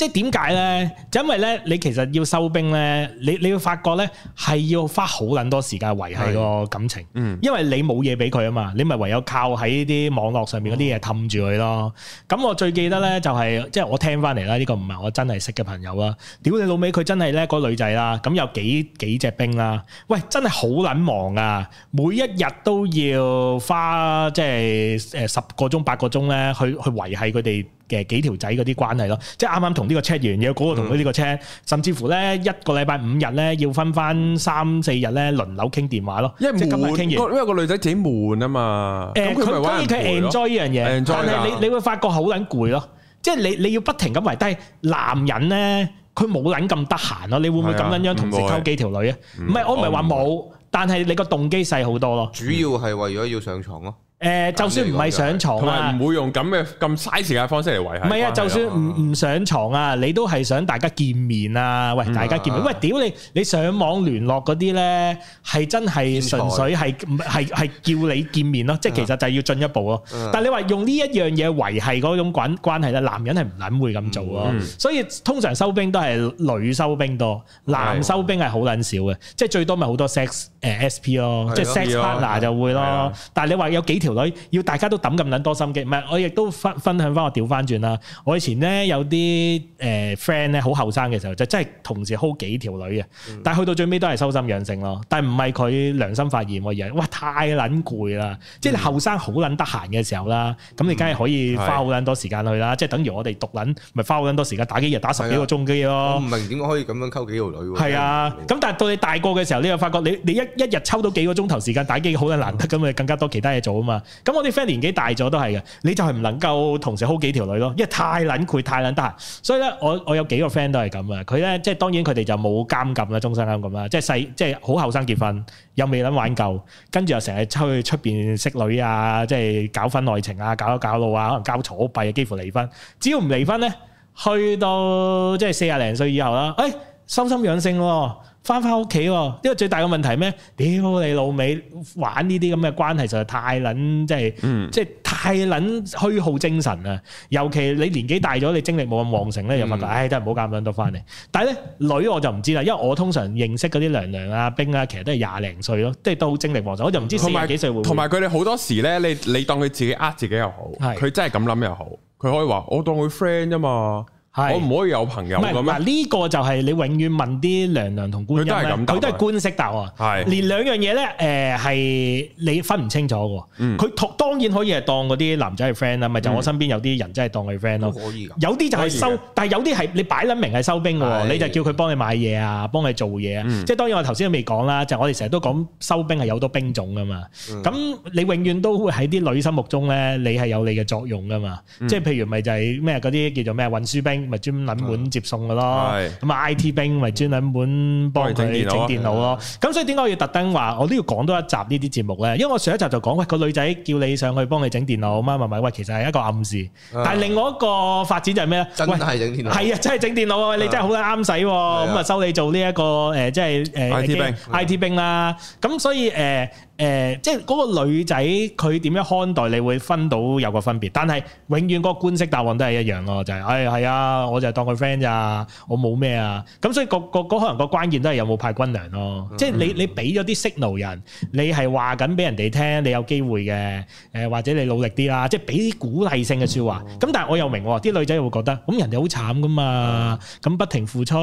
B: 即係點解咧？就因為咧，你其實要收兵咧，你你要發覺咧，係要花好撚多時間維係個感情。嗯，因為你冇嘢俾佢啊嘛，你咪唯有靠喺啲網絡上面嗰啲嘢氹住佢咯。咁、嗯、我最記得咧，就係、是、即係我聽翻嚟啦，呢、這個唔係我真係識嘅朋友啊。屌你、嗯、老味，佢真係咧嗰個女仔啦，咁有幾幾隻兵啦，喂，真係好撚忙啊！每一日都要花即係誒十個鐘八個鐘咧，去去維係佢哋。嘅幾條仔嗰啲關係咯，即係啱啱同呢個 check 完，要嗰個同佢呢個 check，甚至乎咧一個禮拜五日咧要分翻三四日咧輪流傾電話咯。因為悶，
A: 因為個女仔自己悶啊嘛。咁佢咪玩人攰咯？佢 enjoy 呢樣嘢，但係你你
B: 會發覺好撚攰咯。即係你你要不停咁維低男人咧，佢冇撚咁得閒咯。你會唔會咁撚樣同時溝幾條女啊？唔係，我唔係話冇，但係你個動機細好多咯。主要
C: 係為咗要上牀咯。誒，
B: 就算唔係上牀啊，同埋唔
C: 會用咁嘅
A: 咁嘥時間方式嚟維係。唔係啊，就算
B: 唔唔上牀啊，你都係想大家見面啊！喂，大家見面，喂屌你你上網聯絡嗰啲咧，係真係純粹係係係叫你見面咯。即係其實就係要進一步咯。但係你話用呢一樣嘢維係嗰種關係咧，男人係唔撚會咁做咯。所以通常收兵都係女收兵多，男收兵係好撚少嘅。即係最多咪好多 sex 誒 SP 咯，即係 sex partner 就會咯。但係你話有幾條？女要大家都抌咁撚多心機，唔係我亦都分分享翻我調翻轉啦。我以前咧有啲誒 friend 咧好後生嘅時候，就真係同時 hold 幾條女嘅，但係去到最尾都係修心養性咯。但係唔係佢良心發現，而係哇太撚攰啦，嗯、即係後生好撚得閒嘅時候啦，咁你梗係可以花好撚多時間去啦，嗯、即係等於我哋讀撚，咪的花好撚多時間打幾日打十幾個鐘機咯。唔明點
C: 解可以咁樣溝幾條女？係啊
B: 的，咁但係到你大個嘅時候，你又發覺你你一一日抽到幾個鐘頭時，時間打機好撚難得，咁咪更加多其他嘢做啊嘛～咁我啲 friend 年紀大咗都係嘅，你就係唔能夠同時好幾條女咯，因為太捻攰，太捻得閒。所以咧，我我有幾個 friend 都係咁啊，佢咧即係當然佢哋就冇監禁啦，終身咁啦，即係細即係好後生結婚，又未諗玩夠，跟住又成日出去出邊識女啊，即係搞婚外情啊，搞一搞到啊，可能搞曹閉啊，幾乎離婚。只要唔離婚咧，去到即係四廿零歲以後啦，誒、哎，修心養性咯。翻翻屋企，因為最大嘅問題咩？屌你老味，玩呢啲咁嘅關係，實在、嗯、太撚即係，即係太撚虛耗精神啊！尤其你年紀大咗，你精力冇咁旺盛咧，又發覺、嗯、唉，真係唔好咁撚得翻嚟。但係咧女我就唔知啦，因為我通常認識嗰啲娘娘啊、兵啊，其實都係廿零歲咯，即係都精力旺盛，我就唔知四廿幾歲會，會。同埋佢哋好多
A: 時咧，你你當佢自己呃自己又好，佢的真係咁諗又
B: 好，佢可以話我當佢 friend 啫嘛。我唔可以有朋友咩？嗱呢個就係你永遠問啲娘娘同官人咧，佢都係官式答案啊！係連兩樣嘢咧，誒係你分唔清楚嘅。佢當然可以係當嗰啲男仔係 friend 啦，咪就我身邊有啲人真係當佢 friend 咯。可以，有啲就係收，但係有啲係你擺撚明係收兵嘅，你就叫佢幫你買嘢啊，幫你做嘢啊。即係當然我頭先都未講啦，就我哋成日都講收兵係有多兵種噶嘛。咁你永遠都會喺啲女心目中咧，你係有你嘅作用噶嘛。即係譬如咪就係咩嗰啲叫做咩運輸兵。咪專門門接送嘅咯，咁啊 IT 兵咪專門門幫佢整電腦咯。咁所以點解我要特登話？我都要講多一集呢啲節目嘅，因為我上一集就講喂個女仔叫你上去幫佢整電腦啊嘛，咪咪喂其實係一個暗示。但係另外一個發展就係咩咧？真係整電腦係啊，真係整電腦啊！你真係好啱使，咁啊收你做呢一個誒，即係誒 IT 兵 IT 兵啦。咁所以誒。誒、呃，即係嗰個女仔佢點樣看待你會分到有個分別，但係永遠嗰個官式答案都係一樣咯，就係、是，哎係啊，我就當佢 friend 咋，我冇咩啊，咁所以個個，個可能個關鍵都係有冇派軍糧咯，嗯、即係你你俾咗啲 signal 人，你係話緊俾人哋聽你有機會嘅，誒、呃、或者你努力啲啦，即係俾啲鼓勵性嘅説話，咁、哦、但係我又明啲女仔會覺得，咁人哋好慘噶嘛，咁、嗯、不停付出，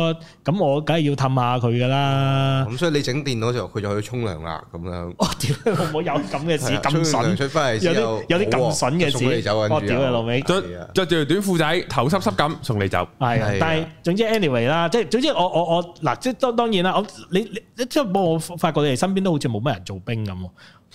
B: 咁我梗係要氹下佢噶啦，
C: 咁、嗯、所以你整電腦時候，佢就去沖涼啦，咁樣。
B: 冇有咁嘅事，咁筍，有啲有啲咁筍嘅事，哦，屌你老尾，着着住條短褲仔，頭濕濕咁，送你走，係，但係總之 anyway 啦，即係總之我我我，嗱，即係當當然啦，我你你即係幫我發覺你哋身邊都好似冇乜人做兵咁，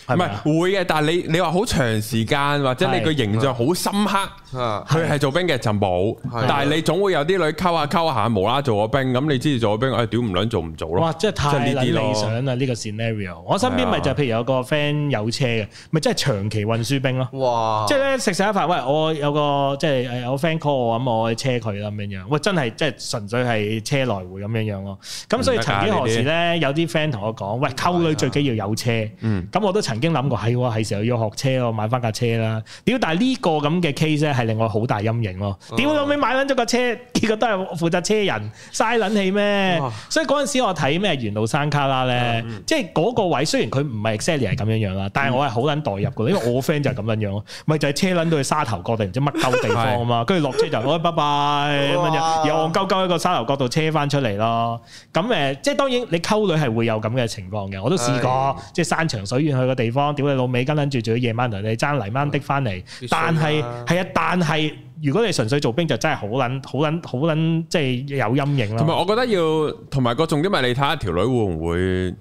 A: 係咪？會嘅，但係你你話好長時間或者你個形象好深刻。佢係做兵嘅就冇，的但係你總會有啲女溝下溝下，無啦做個兵咁，你知住做個兵，哎屌唔卵做唔做咯？哇！即係太理想
B: 啦，呢個 scenario。我身邊咪就是，的譬如有個 friend 有車嘅，咪即係長期運輸兵咯。哇！即係咧食食一飯，喂！我有個即係誒有 friend call 我，咁我車佢啦咁樣。喂！真係即係純粹係車來回咁樣樣咯。咁、嗯、所以曾經何時咧些有啲 friend 同我講，喂，溝女最緊要有車。哎、呀嗯。咁我都曾經諗過，係喎，係時候要學車，我買翻架車啦。屌！但係呢個咁嘅 case 咧。另外好大陰影咯！點老尾買返咗個車，結果都係負責車人嘥撚氣咩？所以嗰陣時我睇咩緣路山卡拉咧，即係嗰個位雖然佢唔係 exactly 係咁樣樣啦，但係我係好撚代入嘅，因為我 friend 就係咁樣樣咯，咪就係車撚到去沙頭角定唔知乜鳩地方啊嘛，跟住落車就攞拜拜咁樣，又戇鳩鳩喺個沙頭角度車翻出嚟咯。咁誒，即係當然你溝女係會有咁嘅情況嘅，我都試過，即係山長水遠去個地方，屌你老尾跟撚住，仲要夜晚嚟爭泥灣的翻嚟，但係係一但。但係，如果你純粹做兵就，就真係好捻、好捻、好捻，即係有陰影咯。同
A: 埋，我覺得要同埋個重點咪，你睇下條女會唔會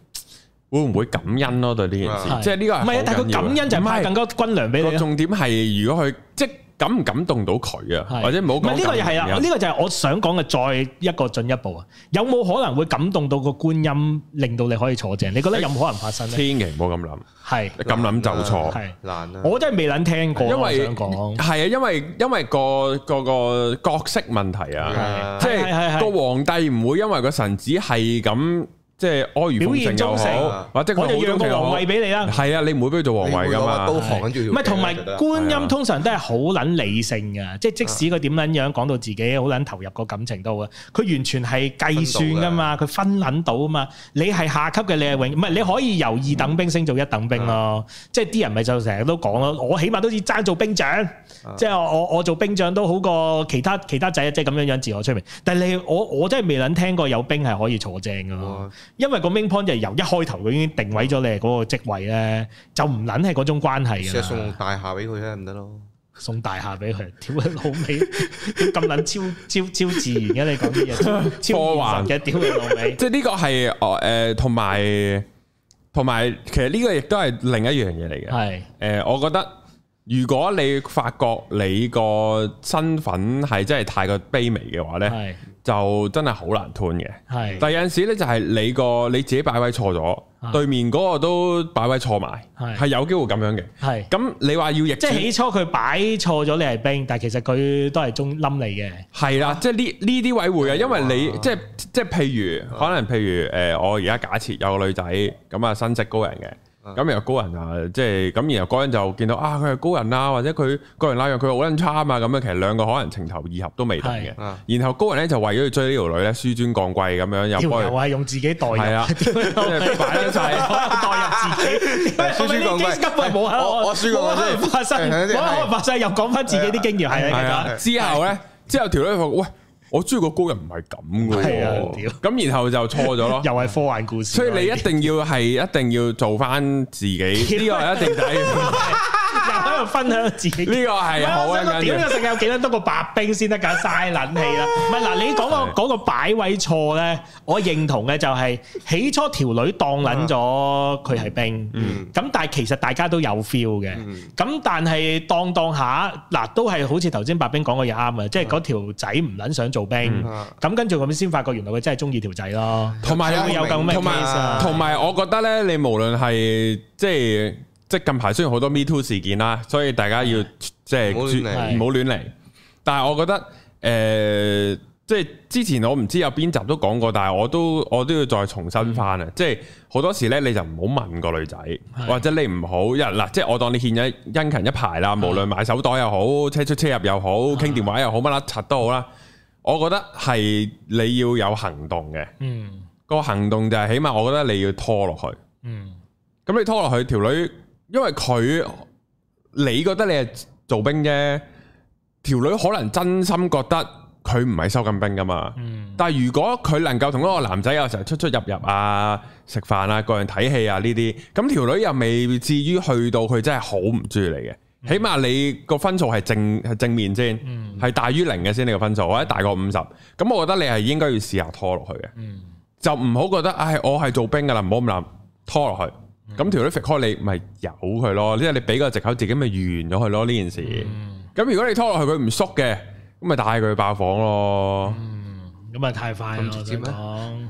A: 會唔會感恩咯？對呢件事，即係呢個係唔係？但係佢感恩就係派更加軍糧俾你。個重點係如果佢即感唔感動到佢啊？或者唔好。唔係呢個係啊，呢、呢個
B: 就係我想講嘅再一個進一步啊，有冇可能會感動到個觀音，令到你可以坐正？你覺得有冇可能發生咧？千
A: 祈唔好咁諗，係咁諗就錯，難啊！我
B: 真係未諗聽過，因為講係啊，因
A: 為因為、嗰個個、嗰個角色問題啊，即係 Yeah. 個皇帝唔會因為個臣子係咁。即係表現忠誠又好，或者我就讓個皇位俾你啦。係啊，你唔會俾佢做皇位噶嘛。唔係同埋觀音
B: 通常都係好撚理性嘅，即係的即使佢點撚樣，講到自己好撚投入個感情都好啊。佢完全係計算噶嘛，佢分撚到啊嘛。你係下級嘅，你係永唔係你可以由二等兵升做一等兵咯。即係啲人咪就成日都講咯，我起碼都似爭做兵長，即係、啊、我我做兵長都好過其他其他仔啊！即係咁樣樣自我出名。但係你我我真係未撚聽過有兵係可以坐正㗎。因為個 main point 就係由一開頭佢已經定位咗你嗰個職位咧，就唔捻係嗰種關係嘅。即係送大廈俾佢啫，唔得咯。送大廈俾佢，屌佢老味，咁捻 超 超超，超自然嘅你講啲嘢，超科幻嘅，屌佢老味！
A: 即係呢個係哦誒，同埋同埋，其實呢個亦都係另一樣嘢嚟嘅。係誒是、呃，我覺得如果你發覺你個身份係真係太過卑微嘅話咧，係是。就真係好難斷嘅，係是。但有陣時咧，就係你個你自己擺位錯咗，是對面嗰個都擺位錯埋，係是有機會咁樣嘅。係
B: 是。咁你話要逆，即係起初佢擺錯咗你係兵，但係其實佢都係中冧你嘅。
A: 係啦的，啊、即係呢呢啲位會啊，因為你即係即係譬如，啊、可能譬如誒、呃，我而家假設有個女仔咁啊，身職高人嘅。咁然後高人啊，即係咁然後高人就見到啊，佢係高人啊，或者佢高人拉佢，佢好撚差啊，咁樣其實兩個可能情投意合都未定嘅。然後高人咧就為咗要追呢條女咧，輸尊降貴咁
B: 樣又去，又係用自己代入係啊，係代入自己。呢個根本冇可能發生，冇可能發生又講翻自己啲經驗係
C: 點啊？
A: 之後咧，之後條女話喂。我鍾意個高人唔係咁嘅喎，咁、啊、然後就錯咗咯， 又係科幻故事，所以你一定要係一定要做翻自己。
C: 呢 個係一定睇。
B: 又喺度分享自己，呢個係好啊！點又成有幾得得個白兵先得噶？嘥冷氣啦！唔係嗱，你講個講個擺位錯咧，我認同嘅就係起初條女當卵咗佢係兵，咁但係其實大家都有 feel 嘅。咁但係當當下嗱，都係好似頭先白兵講嘅嘢啱嘅，即係嗰條仔唔卵想做兵。咁跟住咁先發覺原來佢真係中意條仔咯。同埋有冇有咁明？同埋同
A: 埋，我覺得咧，你無論係即係。即係近排雖然好多 Me Too 事件啦，所以大家要即係唔好亂嚟。的但係我覺得誒，即、呃、係、就是、之前我唔知有邊集都講過，但係我都我都要再重新翻啊！嗯、即係好多時咧，你就唔好問個女仔，的或者你唔好人嗱，即係我當你獻咗殷勤一排啦，的無論買手袋又好，車出車入又好，傾電話又好，乜甩柒都好啦。我覺得係你要有行動嘅，嗯，個行動就係起碼我覺得你要拖落去，嗯，咁你拖落去條女，因為佢，你覺得你係做兵啫，條女可能真心覺得佢唔係收緊兵噶嘛。嗯、但係如果佢能夠同嗰個男仔有時候出出入入啊、食飯啊、各樣睇戲啊呢啲，咁條女又未至於去到佢真係好唔中意你嘅，嗯、起碼你個分數係正係正面先，係、嗯、大於零嘅先，你個分數或者大過五十，咁我覺得你係應該要試下拖落去嘅，嗯、就唔好覺得，唉、哎，我係做兵噶啦，唔好咁諗，拖落去。咁條女甩開你，咪由佢咯。即係你畀個藉口，自己咪完咗佢咯。呢件事，咁、嗯、如果你拖落去佢唔縮嘅，咁咪帶佢去爆房咯。嗯
B: 咁啊太快咯，直接
A: 咩？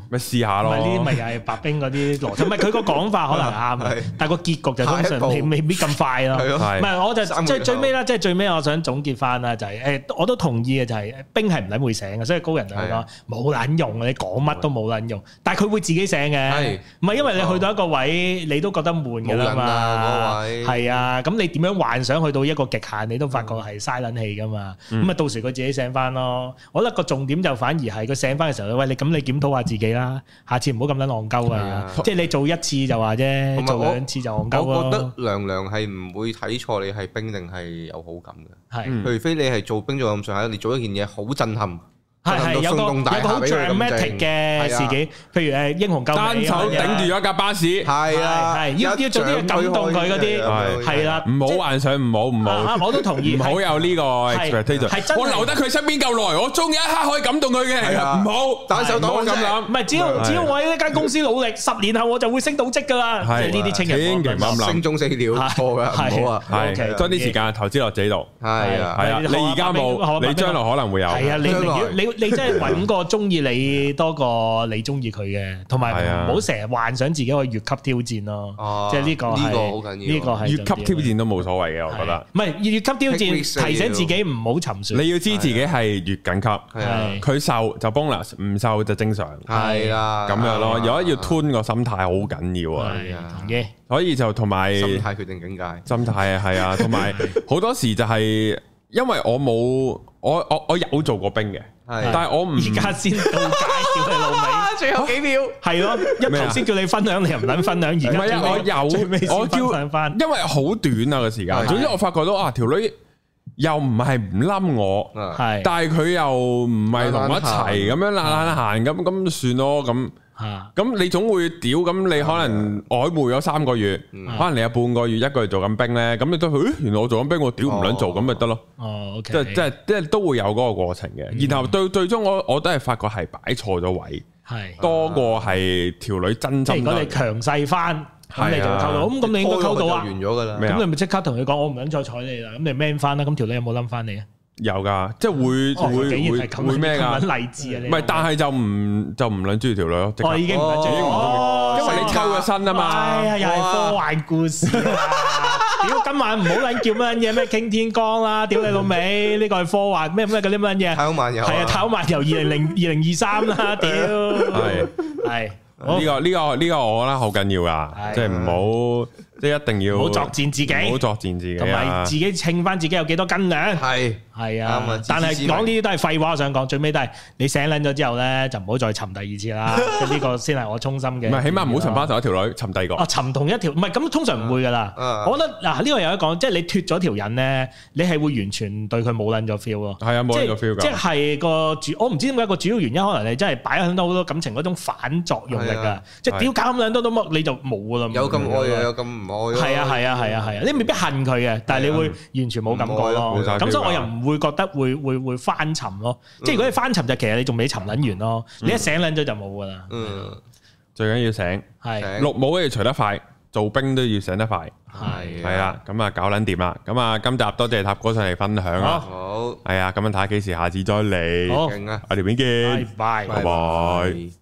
A: 咪試下咯。咪呢啲咪又係
B: 白兵嗰啲邏輯，唔係佢個講法可能啱，但係個結局就通常未未必咁快咯。係咯，唔係我就即係最尾啦，即係最尾我想總結翻啦，就係誒，我都同意嘅，就係兵係唔撚會醒嘅，所以高人就講冇撚用，你講乜都冇撚用。但係佢會自己醒嘅，唔係因為你去到一個位，你都覺得悶㗎啦嘛。嗰位係啊，咁你點樣幻想去到一個極限，你都發覺係嘥撚氣㗎嘛。咁啊，到時佢自己醒翻咯。我覺得個重點就反而係。佢醒翻嘅時候，喂，你咁你檢討下自己啦，下次唔好咁樣戇鳩啊！的即係你做一次就話啫，有做兩次就戇鳩。我覺得
C: 娘娘係唔會睇錯你係兵定係有好感嘅，係除的非你係做兵做咁上下，你做一件嘢好震撼。係係，有個一個好 dramatic 嘅事
B: 件，譬如誒，英雄救美，單手頂住咗一
C: 架巴士，係啊，係要要做啲感
B: 動佢嗰啲，係啦，唔好
A: 幻想，唔好唔好，我都同意，唔好有呢個 expectation，係我留得佢身邊夠耐，我終有一刻可以感動佢嘅，唔好單手擋橄欖。唔係只要只要
B: 我喺呢間公司努力，十年後我就會升到職噶啦，即係呢啲
A: 青人，升
C: 中
B: 四了錯噶，
A: 好啊，多啲時間投資落自己度，係啊係啊，你而家冇，你將來可能會有，係啊，你。
B: 你真係揾個中意你多過你中意佢嘅，同埋唔好成日幻想自己可以越級挑戰咯。即係呢個呢個好緊要，呢個係越級挑
A: 戰都冇所謂嘅，我覺得。唔
B: 係越級挑戰，提醒自己唔好沉船。你要知自己
A: 係越緊級，係佢受就 bonus，唔受就正常。係啦，咁樣咯。如果要吞個心態好緊要啊。係啊，所以就同埋心態決定境界。心態係啊係啊，同埋好多時就係因為我冇我我我有做過兵嘅。但係我唔而家
B: 先到介紹你老味。最後幾秒係咯，一頭先叫你分享，你又唔捻分享，而家我有，我叫，因為好
A: 短啊個時間，總之我發覺到啊條女又唔係唔冧我，係，但係佢又唔係同我一齊咁樣懶懶閒咁，咁算咯咁。啊！咁你總會屌咁，你可能曖昧咗三個月，可能你有半個月一個月做緊兵咧，咁你都原來我做緊兵，我屌唔捻做，咁咪得咯。哦，ok，即係即係即係都會有嗰個過程嘅。然後最最終我我都係發覺係擺錯咗位，係多過係條女真正。如果你強
B: 勢翻，咁你就溝到，咁咁你應該溝到啊，完咗噶啦。咁你咪即刻同佢講，我唔捻再睬你啦。咁你 man 翻啦。咁條女有冇冧翻你啊？
A: 有噶，即
C: 係會
A: 會會咩㗎？勵志啊！唔係，但係就唔就唔諗追條女咯。我已經唔想追，因為你抽咗身啊嘛。哎呀，又係科
B: 幻故事。屌，今晚唔好諗叫乜嘢咩傾天光啦！屌你老味，呢個係科幻咩咁嘅啲乜嘢？太空漫遊，係啊，太空漫遊二零零二零二三啦！屌，係係呢個
A: 呢個呢個我覺得，好緊要噶，即係唔好即係一定要唔好作賤自己，唔好作賤自己，同埋自
B: 己稱翻自己有幾多斤兩係。係啊，嗯、但係講呢啲都係廢話。我想講最尾都係你醒捻咗之後咧，就唔好再沉第二次啦。呢 個先係我衷心嘅。唔係，起碼唔好沉翻頭
A: 一條女，沉第二個。哦、啊，
B: 沉同一條，唔係咁通常唔會噶啦。啊啊、我覺得嗱，呢、啊呢個又有一講，即係你脫咗條癮咧，你係會完全對佢冇捻咗 feel 咯。係啊，冇捻咗 feel 噶。即係、就係、個主，我唔知點解、個主要原因，可能你真係擺很好多感情嗰種反作用力啊。即係屌搞咁捻多都乜，你就冇噶啦。有咁愛啊，有咁唔愛。係啊係啊係啊係啊，啊，你未必恨佢嘅，但係你會完全冇感覺咯。咁所以我又唔會覺得會會會翻沉咯，即係如果你翻沉就其實你仲未沉撚完咯，你一醒撚咗就冇噶啦。
A: 嗯，最緊要醒，綠帽都要除得快，做兵都要醒得快，
C: 係，係啊，
A: 咁啊搞撚掂啦，咁啊今集多謝塔哥上嚟分享啊，好，係啊，咁樣睇下幾時下次再嚟，好啊，我哋見見，拜拜，拜拜。